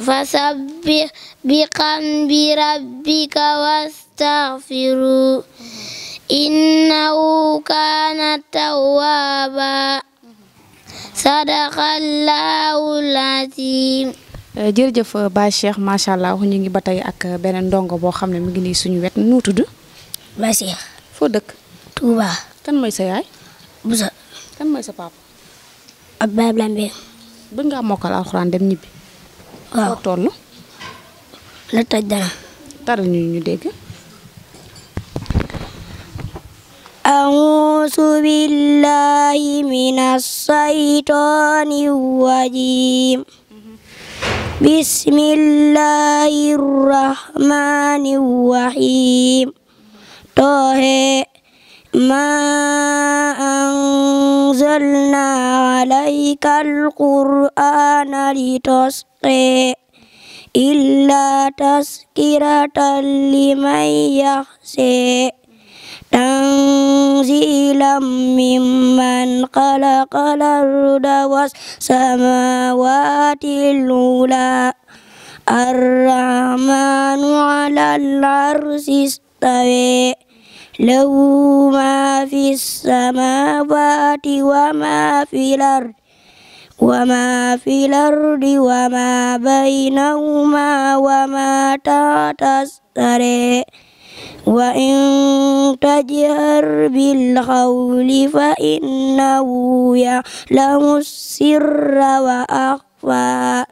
fasabbih bihamdi rabbika wastaghfiru innahu kaana tawwaaba sadaqallaahul aziim jërëjëf Baye Cheikh macha allah ñu ngi ba tey ak beneen dongo boo xam ne mu ngi nii suñu wet nuu tudd. Baye foo dëkk. Touba. kan mooy sa yaay. Busa. kan mooy sa papa. Abdoulaye Blambe. bëgg ngaa mokkal alxuraan dem ñibbi. waaw foo toll. la toj dana. taral ñu ñu dégg. أعوذ بالله من الشيطان الرجيم بسم الله الرحمن الرحيم طه ما عليك القرآن لتشقى إلا تذكرة لمن يخشى تنزيلا ممن خلق الأرض والسماوات العلى الرحمن على العرش استوى له ما في السماوات وما في الأرض وما في الأرض وما بينهما وما تحت الثرى وإن تجهر بالقول فإنه يعلم السر وأخفى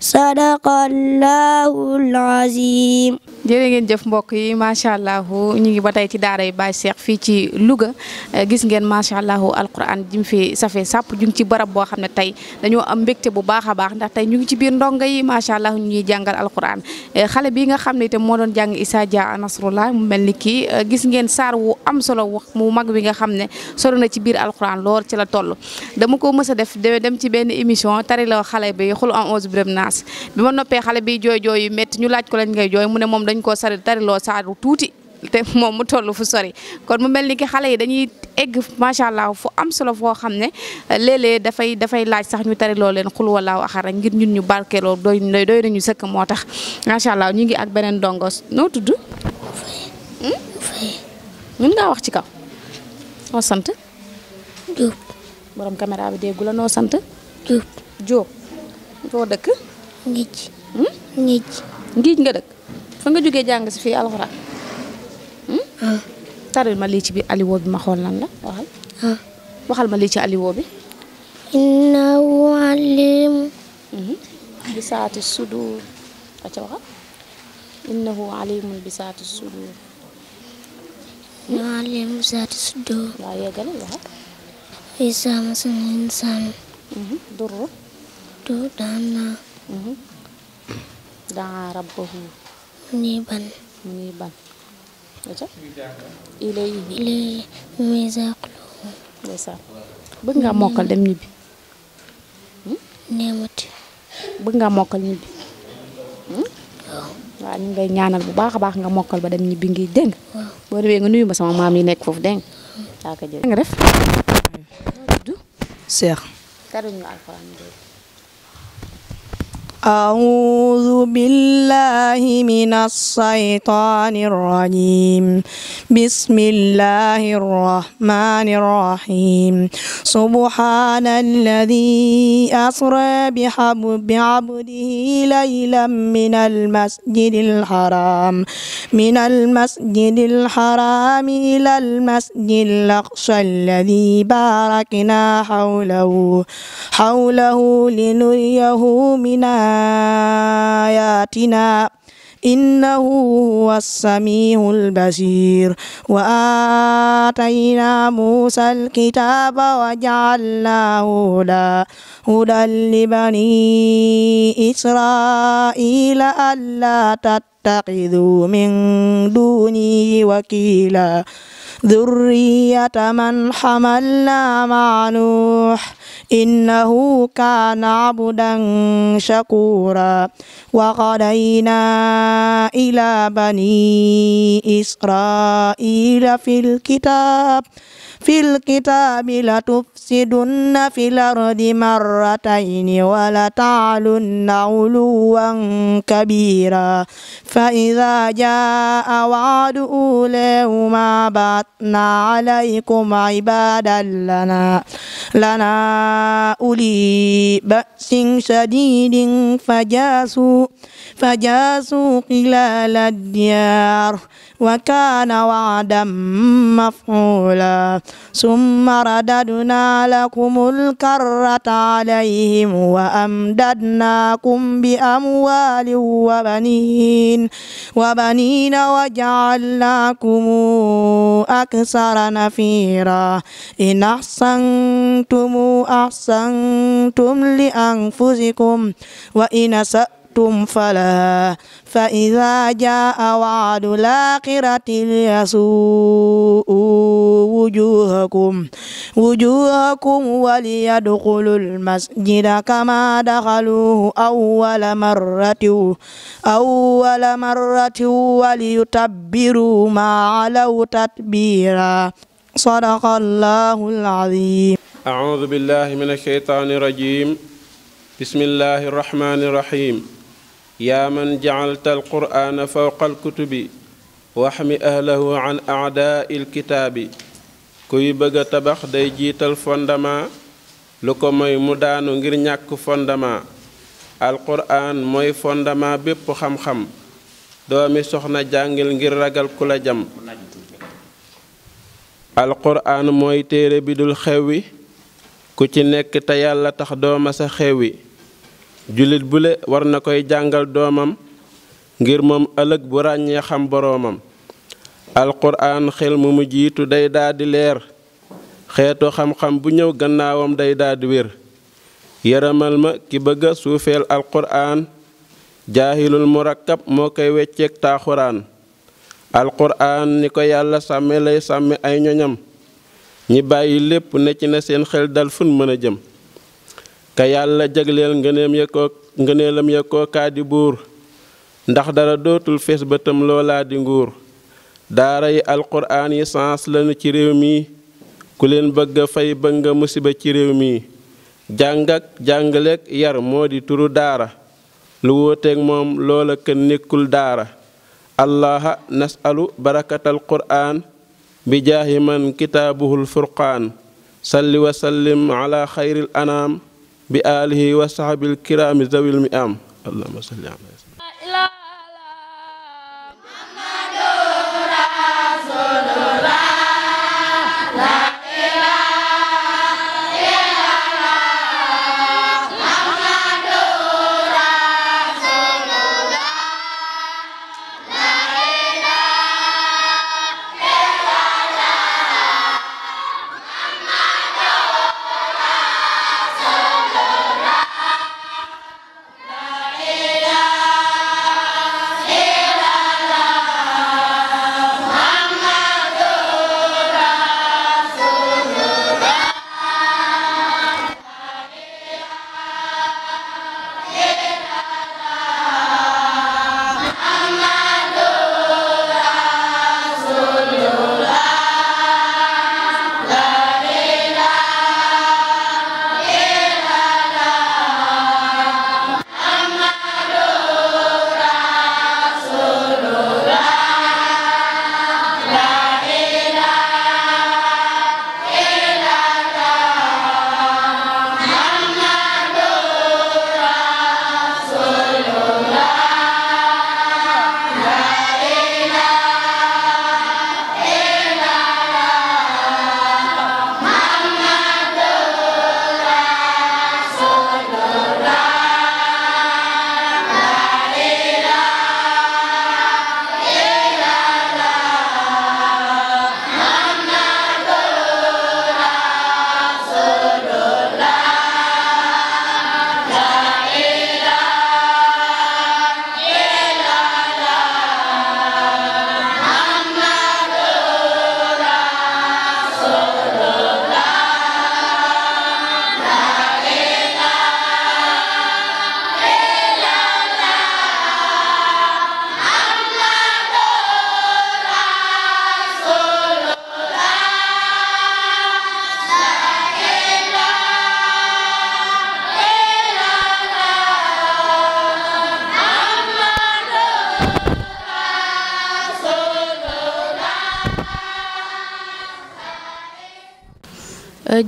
sadaqallaahul aziim jërë ngeen jëf mbokk yi macha allah ñu ngi ba tey ci daara yi Baye Cheikh fii ci Louga eh, gis ngeen macha allah alquran ji mu fi safee sàpp ju ngi ci barab boo xam ne tey dañoo am mbégte bu baax a baax ndax tey ñu ngi ci biir ndongo yi macha allah ñu ngi jàngal alquran eh, xale bi nga xam ne itam moo doon jàng Issa Dia Nasrullah mu mel ni kii eh, gis ngeen saar wu am solo wax mu mag bi nga xam ne solo na ci biir alquran lool ci la toll dama ko mës a def dem ci benn émission tari la xale bi xul en onze biram naa ordonnance bi ma noppee xale bi jooy jooy yu métti ñu laaj ko lañ ngay jooy mu ne moom dañ ko sari tariloo saaru tuuti te moom mu toll fu sori kon mu mel ni ki xale yi dañuy egg macha allah fu am solo foo xam ne léeg-léeg dafay dafay laaj sax ñu tariloo leen xul walaaw axara ngir ñun ñu barkeeloo doy doy nañu sëkk moo tax macha allah ñu ngi ak beneen dongo noo tudd. Hmm? mën ngaa wax ci kaw. noo sant. Diop. borom caméra bi déggu la noo sant. Diop Diop. foo dëkk. ngiij hmm? ngiij ngiij nga dëkk fa nga jógee jàng si fii alxuraan hmm? ah. taril ma lii ci biir aliwoo bi ma xool lan la waxal ah. ma lii ci aliwoo bi innahu alim hmm? bi saati sudur acca waxal innahu alimun bi saati sudur alim bi saati sudur waaw saama sana insaanu durru du daan naa Mhm. daa rabbahu mu ngi mu ngi ban ilayhi ilayhi misaaqluhu bëgg nga mokkal dem ñibbi hmm? neemati bëgg nga mokkal ñibbi hmm? waaw ñu ngay ñaanal bu baax a baax nga mokkal ba dem ñibbi ngi dégg boo demee nga nuyu ma sama maam yi nekk foofu dégg hmm. seex أعوذ بالله من الشيطان الرجيم بسم الله الرحمن الرحيم سبحان الذي أسرى بعبده ليلا من المسجد الحرام من المسجد الحرام إلى المسجد الأقصى الذي باركنا حوله حوله لنريه من آياتنا إنه هو السميع البصير وآتينا موسى الكتاب وجعلناه هدى هدى لبني إسرائيل ألا تتخذوا من دونه وكيلا ذرية من حملنا مع نوح إنه كان عبدا شكورا وقضينا إلى بني إسرائيل في الكتاب في الكتاب لتفسدن في الأرض مرتين ولتعلن علوا كبيرا فإذا جاء وعد أولاهما بعد بعثنا عليكم عبادا لنا لنا أولي بأس شديد فجاسوا فجاسوا خلال الديار وكان وعدا مفعولا ثم رددنا لكم الكرة عليهم وأمددناكم بأموال وبنين وبنين وجعلناكم أكثر نفيرا إن أحسنتم أحسنتم لأنفسكم وإن سأتم أشركتم فلا فإذا جاء وعد الآخرة ليسوء وجوهكم وجوهكم وليدخلوا المسجد كما دخلوه أول مرة أول مرة وليتبروا ما علوا تتبيرا صدق الله العظيم أعوذ بالله من الشيطان الرجيم بسم الله الرحمن الرحيم yaa man jacalta alqur'aana fawqa alkutubi waxmi ahlahu an aadaai alkitaabi kuy bëgga tabax day jiital fondement lu ko moy mu daanu ngir ñàkk fondement alqur'aan mooy fondement bépp xam-xam doomi soxna jàngil ngir ragal ku la jam alqur'aan mooy téere bi dul xewwi ku ci nekk te yàlla tax dooma sa xewwi jullit bule war na koy jàngal doomam ngir moom ëllëg bu ràññee xam boroomam alxuraan xel mu mu jiitu day daldi leer xeetu xam-xam bu ñëw gannaawam day daldi wér yaramal ma ki bëgg suufeel alxuraan jaahilul murakkab moo koy wecceeg taaxuraan alxuraan ni ko yàlla sàmme lay sàmme ay ñoñam ñi bàyyi lépp ne ci na seen xel dal fun mën a jëm te yàlla jagleel ngëneem ya koo ngëneelam ya koo kaadi buur ndax dara dootul fees bëtam loolaa di nguur daara yi alquraan yi sens lanu ci réew mi ku leen bëgg a fay bëgg nga musiba ci réew mi jàng ak jàngaleek yar moo di turu daara lu wóoteeg moom loola kenn nekkul daara allaha nasalu barakatal quraan bi jaahi man kitaabuhul furqaan salli sallim ala xayril anaam bi alihi wa sahabil kiraami zawil mi am allahumma salli ala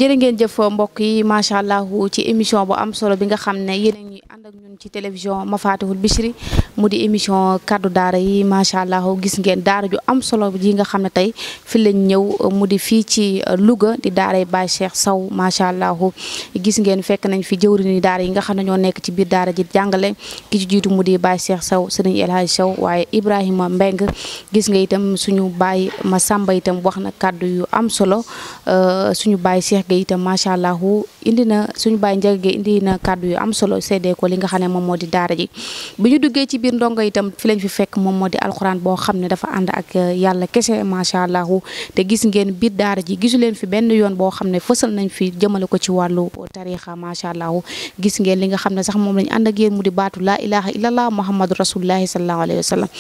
jërë ngeen jëf mbokk yi macha allah ci émission bu am solo bi nga xam ne yéen a ànd ak ci télévision ma faatihul Bichri mu di émission kàddu daara yi macha allah gis ngeen daara ju am solo ji nga xam ne tey fi lañ ñëw mu di fii ci euh, Louga di daaray Baye Cheikh saw macha allah gis ngeen fekk nañ fi jëwriñu daara yi nga xam ne ñoo nekk ci biir daara ji jàngale ki ci jiitu mu di Baye Cheikh Sow sëriñ El Hadj Sow waaye Ibrahima Mbeng gis nga itam suñu baay Masamba itam wax na kàddu yu am solo euh, suñu baay Cheikh gi itam macha allah indi na suñu baay Njaga Gey indi na kàddu yu am solo seddee ko li nga xam ne moom moo di daara ji bi ñu duggee ci biir ndongo itam fi lañ fi fekk moom moo di alxuraan boo xam ne dafa ànd ak euh, yàlla kese macha allahu te gis ngeen biir daara ji gisu leen fi benn yoon boo xam ne fësal nañ fi jëmale ko ci wàllu tarixa macha allahu gis ngeen li nga xam ne sax moom lañ ànd ak mu di baatu la ilaha illallah muhammadu rasulullahi sallallahu alayhi wa sallam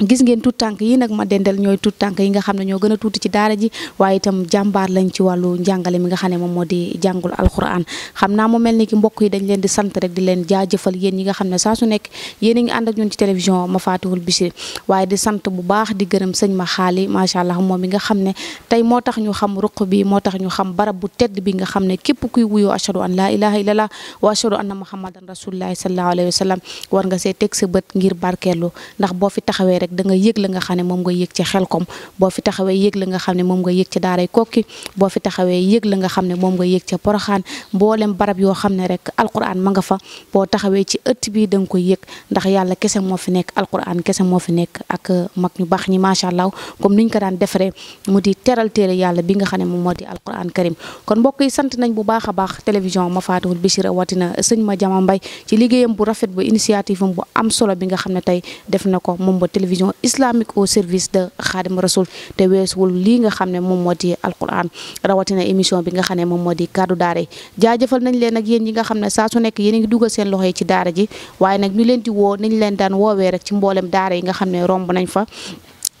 gis ngeen tuut tànk yi nag ma dendal ñooy tuut tànk yi nga xam ne ñoo gën a tuuti ci daara ji waaye itam jàmbaar lañ ci wàllu jàngale mi nga xam ne moom moo di jàngul alxuraan xam naa mu mel ni ki mbokk yi dañ leen di sant rek di leen jaajëfal yéen ñi nga xam ne saa su nekk yéen a ngi ànd ak ñun ci télévision ma faatuwul Bichri waaye di sant bu baax di gërëm sëñ ma xaali macha allah moom mi nga xam ne tey moo tax ñu xam ruq bi moo tax ñu xam barab bu tedd bi nga xam ne képp kuy wuyoo ashadu an laa ilaha illallah wa ashadu anna muhammadan rasulullahi sallallahu alayhi wa war nga see teg sa bët ngir barkeelu ndax boo fi taxawee rek da nga yëg la nga xam ne moom nga yëg ci xelkom boo la nga xam ne moom nga yëg ci daaray kokki boo fi taxawee yëg la nga xam ne moom nga yëg ca poroxaan mboolem barab yoo xam ne rek alquran ma nga fa boo taxawee ci ëtt bi da nga ko yëg ndax yàlla kese moo fi nekk alquran kese moo fi nekk ak mag ñu baax ñi macha allah comme niñ ko daan defaree mu di teral téere yàlla bi nga xam ne moom moo di alquran karim kon mbokk sant nañ bu baax a baax télévision ma faatuwul Bichri watina sëñ vision islamique au service de Khadim Rasoul te weesuwul lii nga xam ne moom moo di alquran rawatina émission bi nga xam ne moom moo di kaddu daara yi jaajëfal nañ leen ak yéen ñi nga xam ne saa su nekk yéen a ngi dugal seen loxo yi ci daara ji waaye nag ñu leen di woo nañ leen daan woowee rek ci mboolem daara yi nga xam ne romb nañ fa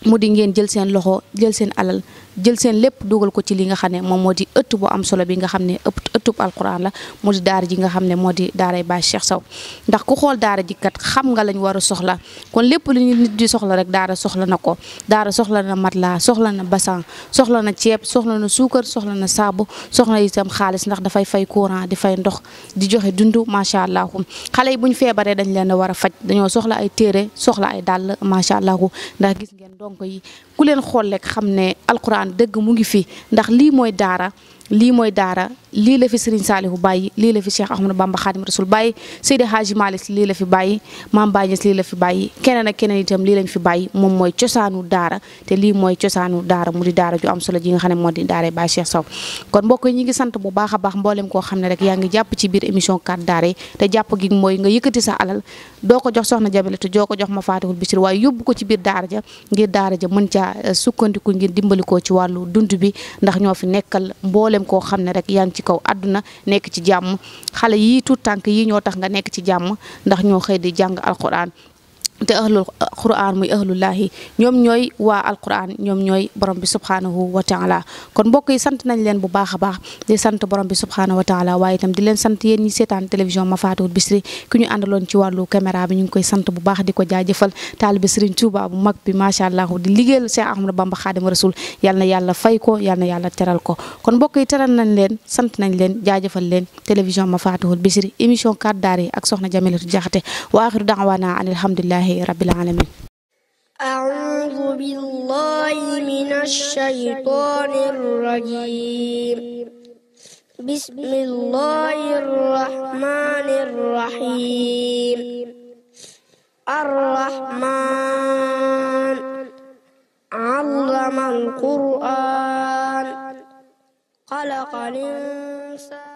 mu di ngeen jël seen loxo jël seen alal jël seen lépp dugal ko ci li nga xam ne moom moo di ëtt bo am solo bi nga xam ne ëpp ëttub alquran la moo di daara ji nga xam ne moo di daaray Baay Cheikh Sow ndax ku xool daara ji kat xam nga lañ war soxla kon lépp lu ñu nit di soxla rek daara soxla na ko daara soxla na matelas soxla na basan soxla na ceeb soxla na suukar soxla na saabu soxla itam xaalis ndax dafay fay courant di fay ndox di joxe dund macha allah xale yi bu ñu feebaree dañ leen a war a faj dañoo soxla ay téere soxla ay dàll macha allah ndax gis ngeen donc yi ku leen dëgg mu ngi fi ndax lii mooy daara lii mooy daara lii la fi Serigne Saliou bàyyi lii la fi Cheikh Ahmadou Bamba Khadim Rasoul bàyyi Seydi Hadji Malick lii la fi bàyyi Maam Baye Niass lii la fi bàyyi keneen ak keneen tam lii lañ fi bàyyi moom mooy cosaanu daara te lii mooy cosaanu daara mu di daara ju am solo ji nga xam ne moo di daara Baye Cheikh Sow kon mbokk yi ñi sant bu baax a baax mboolem koo xam ne rek yaa ngi jàpp ci biir émission 4 daara yi te jàpp gi mooy nga yëkkati sa alal doo ko jox soxna Jabalatu joo ko jox ma faatihul bisir waaye yóbbu ko ci biir daara ja ngir daara ja mën caa eh, sukkandiku ngir dimbalikoo ci wàllu dund bi ndax ñoo fi nekkal mboolem mboolem koo xam ne rek yan ci kaw àdduna nekk ci jàmm xale yii tuut tànk yii ñoo tax nga nekk ci jàmm ndax ñoo xëy di jàng alquran te ahlul quran muy ahlullahi ñoom ñooy wa alquran ñoom ñooy borom bi subhaanahu wa taala kon mbokk yi sant nañ leen bu baax a baax di sant borom bi subhaanahu wa taala waaye itam di leen sant yéen ñi seetaan télévision ma faatuwul bisri ki ñu àndaloon ci wàllu caméra bi ñu ngi koy sant bu baax di ko jaajëfal taalibi Sëriñ Tuuba bu mag bi macha allah di liggéeyal Cheikh Ahmadou Bamba Xaadimu Rasul yal na yàlla fay ko yal na yàlla teral ko kon mbokk yi teral nañ leen sant nañ leen jaajëfal leen télévision ma faatuwul bisri émission Kaddu Daara yi ak soxna Jamilatu Jaxate wa axiru daawaana alhamdulillahi alhamdulillahi rabbil alamin أعوذ بالله من الشيطان الرجيم بسم الله الرحمن الرحيم الرحمن علم القرآن خلق الإنسان